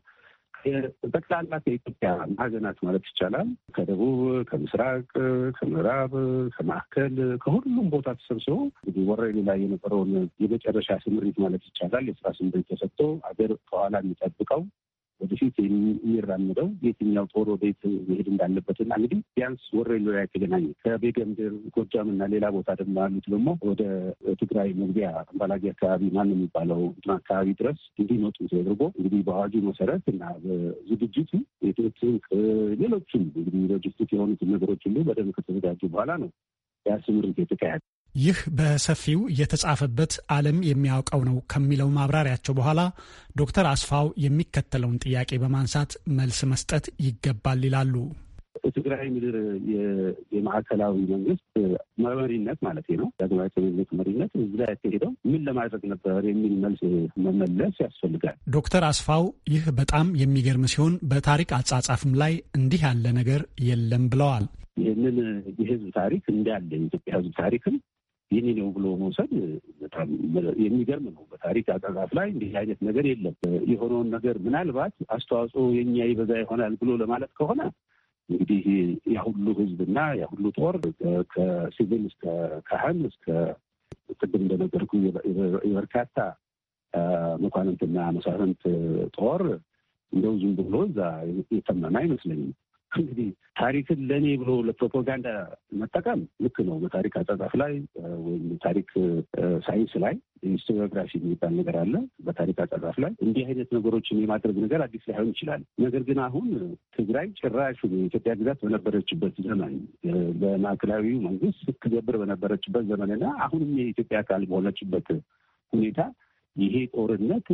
ጠቅላላ ከኢትዮጵያ ማዕዘናት ማለት ይቻላል ከደቡብ፣ ከምስራቅ፣ ከምዕራብ፣ ከማዕከል ከሁሉም ቦታ ተሰብስቦ እንግዲህ ወረኢሉ ላይ የነበረውን የመጨረሻ ስምሪት ማለት ይቻላል የስራ ስምሪት ተሰጥቶ ሀገር ከኋላ የሚጠብቀው ወደፊት የሚራምደው የትኛው ጦር ወደት መሄድ እንዳለበት እንዳለበትና እንግዲህ ቢያንስ ወረሎ ላይ የተገናኘ ከቤገምድር ጎጃም ጎጃምና ሌላ ቦታ ደግሞ ያሉት ደግሞ ወደ ትግራይ መግቢያ አምባላጊ አካባቢ ማን የሚባለው አካባቢ ድረስ እንዲመጡ ተደርጎ እንግዲህ በአዋጁ መሰረት እና ዝግጅቱ የትንክ ሌሎችም እንግዲህ ሎጂስቲክ የሆኑትን ነገሮች ሁሉ በደንብ ከተዘጋጁ በኋላ ነው ያ ስምሪት የተካሄደ። ይህ በሰፊው የተጻፈበት ዓለም የሚያውቀው ነው ከሚለው ማብራሪያቸው በኋላ ዶክተር አስፋው የሚከተለውን ጥያቄ በማንሳት መልስ መስጠት ይገባል ይላሉ። በትግራይ ምድር የማዕከላዊ መንግስት መሪነት ማለት ነው ዳግማዊ ምኒልክ መሪነት እዛ የተሄደው ምን ለማድረግ ነበር የሚል መልስ መመለስ ያስፈልጋል። ዶክተር አስፋው ይህ በጣም የሚገርም ሲሆን በታሪክ አጻጻፍም ላይ እንዲህ ያለ ነገር የለም ብለዋል። ይህንን የህዝብ ታሪክ እንዳለ የኢትዮጵያ ህዝብ ታሪክም የኔ ነው ብሎ መውሰድ በጣም የሚገርም ነው። በታሪክ አጻጻፍ ላይ እንዲህ አይነት ነገር የለም። የሆነውን ነገር ምናልባት አስተዋጽኦ የኛ ይበዛ ይሆናል ብሎ ለማለት ከሆነ እንግዲህ ያሁሉ ህዝብና ያሁሉ ጦር ከሲቪል እስከ ካህን እስከ ቅድም እንደነገርኩ የበርካታ መኳንንትና መሳፍንት ጦር እንደው ዝም ብሎ እዛ የተመመ አይመስለኝም። እንግዲህ ታሪክን ለእኔ ብሎ ለፕሮፓጋንዳ መጠቀም ልክ ነው። በታሪክ አጻጻፍ ላይ ወይም ታሪክ ሳይንስ ላይ ሂስቶሪዮግራፊ የሚባል ነገር አለ። በታሪክ አጻጻፍ ላይ እንዲህ አይነት ነገሮችን የማድረግ ነገር አዲስ ላይሆን ይችላል። ነገር ግን አሁን ትግራይ ጭራሹ የኢትዮጵያ ግዛት በነበረችበት ዘመን በማዕከላዊው መንግስት ስትገብር በነበረችበት ዘመንና አሁንም የኢትዮጵያ አካል በሆነችበት ሁኔታ ይሄ ጦርነት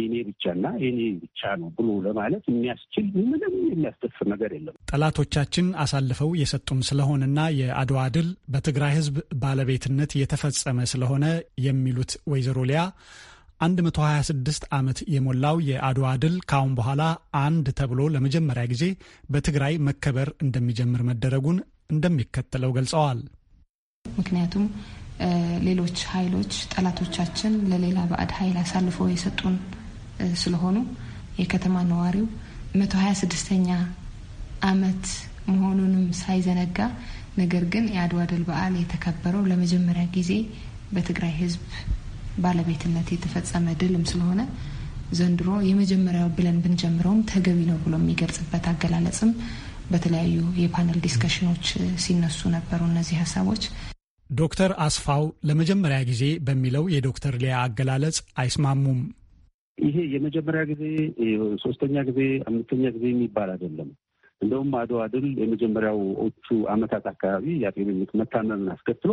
የኔ ብቻና የኔ ብቻ ነው ብሎ ለማለት የሚያስችል ምንም የሚያስደፍር ነገር የለም። ጠላቶቻችን አሳልፈው የሰጡን ስለሆነና የአድዋ ድል በትግራይ ሕዝብ ባለቤትነት የተፈጸመ ስለሆነ የሚሉት ወይዘሮ ሊያ 126 ዓመት የሞላው የአድዋ ድል ካሁን በኋላ አንድ ተብሎ ለመጀመሪያ ጊዜ በትግራይ መከበር እንደሚጀምር መደረጉን እንደሚከተለው ገልጸዋል። ምክንያቱም ሌሎች ኃይሎች ጠላቶቻችን ለሌላ ባዕድ ኃይል አሳልፈው የሰጡን ስለሆኑ የከተማ ነዋሪው መቶ ሀያ ስድስተኛ አመት መሆኑንም ሳይዘነጋ ነገር ግን የአድዋ ድል በዓል የተከበረው ለመጀመሪያ ጊዜ በትግራይ ህዝብ ባለቤትነት የተፈጸመ ድልም ስለሆነ ዘንድሮ የመጀመሪያው ብለን ብንጀምረውም ተገቢ ነው ብሎ የሚገልጽበት አገላለጽም በተለያዩ የፓነል ዲስከሽኖች ሲነሱ ነበሩ እነዚህ ሀሳቦች። ዶክተር አስፋው ለመጀመሪያ ጊዜ በሚለው የዶክተር ሊያ አገላለጽ አይስማሙም። ይሄ የመጀመሪያ ጊዜ፣ ሶስተኛ ጊዜ፣ አምስተኛ ጊዜ የሚባል አይደለም። እንደውም አድዋ ድል የመጀመሪያዎቹ አመታት አካባቢ የአጤ ምኒልክ መታመምን አስከትሎ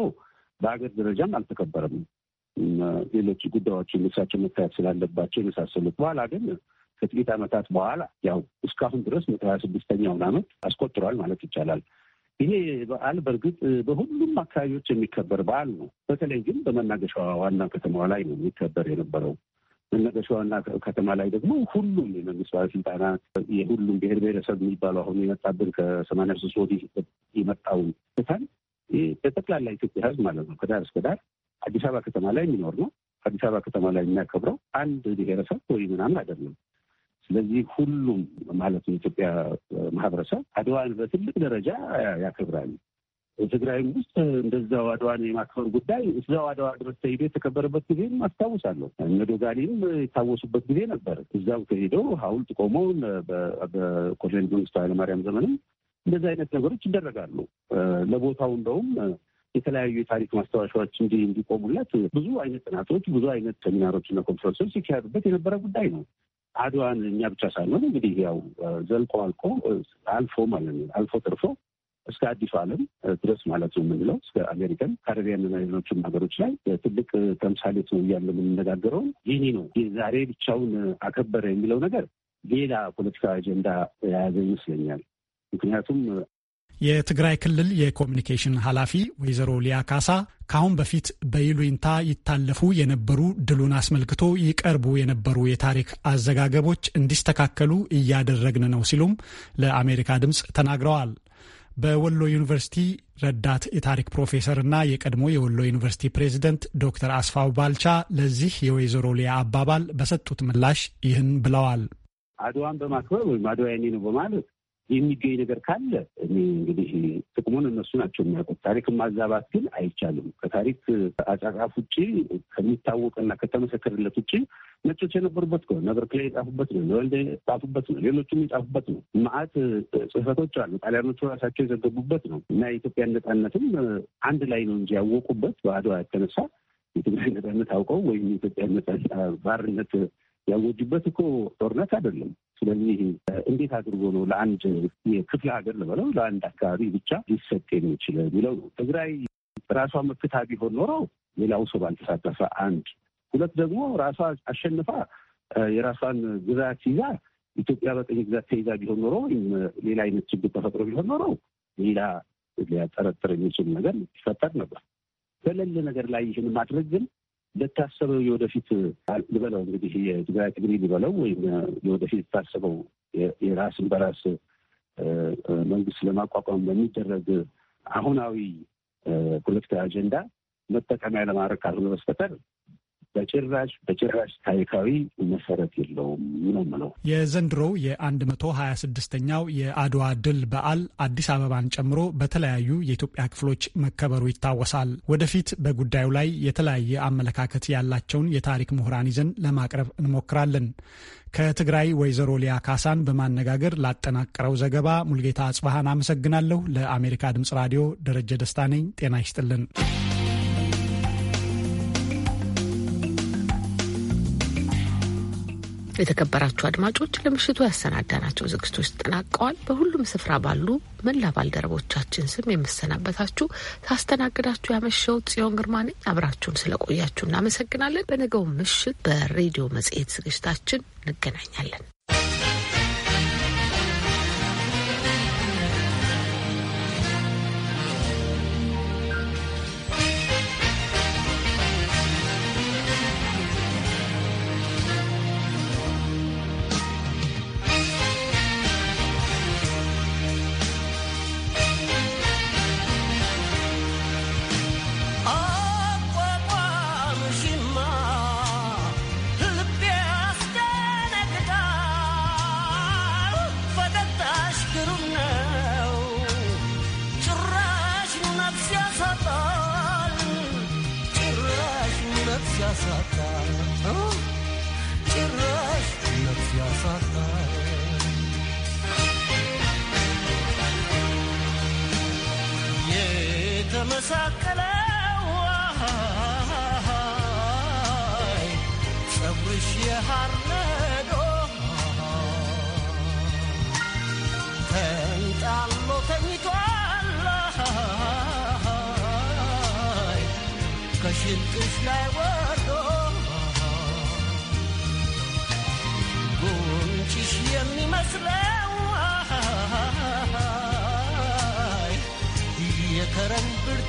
በሀገር ደረጃም አልተከበረም። ሌሎች ጉዳዮች እሳቸው መታየት ስላለባቸው የመሳሰሉት በኋላ ግን ከጥቂት ዓመታት በኋላ ያው እስካሁን ድረስ መቶ ሀያ ስድስተኛውን አመት አስቆጥሯል ማለት ይቻላል። ይሄ በዓል በእርግጥ በሁሉም አካባቢዎች የሚከበር በዓል ነው። በተለይ ግን በመናገሻዋ ዋና ከተማዋ ላይ ነው የሚከበር የነበረው። መነገሻዋና ከተማ ላይ ደግሞ ሁሉም የመንግስት ባለስልጣናት የሁሉም ብሔር ብሔረሰብ የሚባለው አሁኑ የመጣብን ከሰማንያ ሶስት ወዲህ የመጣውን ትታን በጠቅላላ ኢትዮጵያ ህዝብ ማለት ነው ከዳር እስከ ዳር አዲስ አበባ ከተማ ላይ የሚኖር ነው። አዲስ አበባ ከተማ ላይ የሚያከብረው አንድ ብሔረሰብ ወይ ምናምን አይደለም። ስለዚህ ሁሉም ማለት የኢትዮጵያ ማህበረሰብ አድዋን በትልቅ ደረጃ ያከብራል። ትግራይም ውስጥ እንደዛው አድዋን የማክበር ጉዳይ እዛው አድዋ ድረስ ተሄዶ የተከበረበት ጊዜም አስታውሳለሁ። እነ ዶጋኔም የታወሱበት ጊዜ ነበር። እዛው ተሄደው ሐውልት ቆመው በኮሎኔል መንግስቱ ኃይለማርያም ዘመንም እንደዚህ አይነት ነገሮች ይደረጋሉ። ለቦታው እንደውም የተለያዩ የታሪክ ማስታወሻዎች እንዲ እንዲቆሙለት ብዙ አይነት ጥናቶች፣ ብዙ አይነት እና ኮንፈረንሶች ሲካሄዱበት የነበረ ጉዳይ ነው። አድዋን እኛ ብቻ ሳይሆን እንግዲህ ያው ዘልቆ አልቆ አልፎ ማለት ነው አልፎ ተርፎ እስከ አዲስ ዓለም ድረስ ማለት ነው የምንለው እስከ አሜሪካን ካሪቢያንና ሌሎችም ሀገሮች ላይ ትልቅ ተምሳሌት ነው እያለ የምንነጋገረውን ጊኒ ነው። የዛሬ ብቻውን አከበረ የሚለው ነገር ሌላ ፖለቲካ አጀንዳ የያዘ ይመስለኛል። ምክንያቱም የትግራይ ክልል የኮሚኒኬሽን ኃላፊ ወይዘሮ ሊያ ካሳ ከአሁን በፊት በይሉኝታ ይታለፉ የነበሩ ድሉን አስመልክቶ ይቀርቡ የነበሩ የታሪክ አዘጋገቦች እንዲስተካከሉ እያደረግን ነው ሲሉም ለአሜሪካ ድምፅ ተናግረዋል። በወሎ ዩኒቨርሲቲ ረዳት የታሪክ ፕሮፌሰርና የቀድሞ የወሎ ዩኒቨርሲቲ ፕሬዝደንት ዶክተር አስፋው ባልቻ ለዚህ የወይዘሮ ሊያ አባባል በሰጡት ምላሽ ይህን ብለዋል። አድዋን በማክበር ወይም አድዋ የኔ ነው በማለት የሚገኝ ነገር ካለ እኔ እንግዲህ ጥቅሙን እነሱ ናቸው የሚያውቁት። ታሪክን ማዛባት ግን አይቻልም። ከታሪክ አጻጻፍ ውጭ ከሚታወቅና ከተመሰከርለት ውጭ ነጮች የነበሩበት ነው። ነበር ክላይ የጻፉበት ነው። ለወልደ የጻፉበት ነው። ሌሎቹም የጻፉበት ነው። መዓት ጽህፈቶች አሉ። ጣሊያኖቹ ራሳቸው የዘገቡበት ነው እና የኢትዮጵያ ነጻነትም አንድ ላይ ነው እንጂ ያወቁበት በአድዋ የተነሳ የትግራይ ነጻነት አውቀው ወይም የኢትዮጵያ ባርነት ያወጁበት እኮ ጦርነት አይደለም። ስለዚህ እንዴት አድርጎ ነው ለአንድ የክፍል ሀገር ልበለው ለአንድ አካባቢ ብቻ ሊሰጥ የሚችል የሚለው ነው። ትግራይ ራሷ መክታ ቢሆን ኖሮ ሌላው ሰው ባልተሳተፈ፣ አንድ ሁለት ደግሞ ራሷ አሸንፋ የራሷን ግዛት ይዛ ኢትዮጵያ በጠኝ ግዛት ተይዛ ቢሆን ኖሮ ወይም ሌላ አይነት ችግር ተፈጥሮ ቢሆን ኖሮ ሌላ ሊያጠረጥር የሚችል ነገር ይፈጠር ነበር። በሌለ ነገር ላይ ይህን ማድረግ ግን ለታሰበው የወደፊት ልበለው እንግዲህ የትግራይ ትግሪ ልበለው ወይም የወደፊት የታሰበው የራስን በራስ መንግስት ለማቋቋም በሚደረግ አሁናዊ ፖለቲካ አጀንዳ መጠቀሚያ ለማድረግ ካልሆነ በስተቀር በጭራሽ በጭራሽ ታሪካዊ መሰረት የለውም ነው ምለው። የዘንድሮው የአንድ መቶ ሀያ ስድስተኛው የአድዋ ድል በዓል አዲስ አበባን ጨምሮ በተለያዩ የኢትዮጵያ ክፍሎች መከበሩ ይታወሳል። ወደፊት በጉዳዩ ላይ የተለያየ አመለካከት ያላቸውን የታሪክ ምሁራን ይዘን ለማቅረብ እንሞክራለን። ከትግራይ ወይዘሮ ሊያ ካሳን በማነጋገር ላጠናቀረው ዘገባ ሙልጌታ አጽባሃን አመሰግናለሁ። ለአሜሪካ ድምጽ ራዲዮ ደረጀ ደስታ ነኝ። ጤና ይስጥልን። የተከበራችሁ አድማጮች ለምሽቱ ያሰናዳናቸው ዝግጅቶች ተጠናቀዋል። በሁሉም ስፍራ ባሉ መላ ባልደረቦቻችን ስም የምሰናበታችሁ ታስተናግዳችሁ ያመሸው ጽዮን ግርማ ነኝ። አብራችሁን ስለቆያችሁ እናመሰግናለን። በነገው ምሽት በሬዲዮ መጽሔት ዝግጅታችን እንገናኛለን።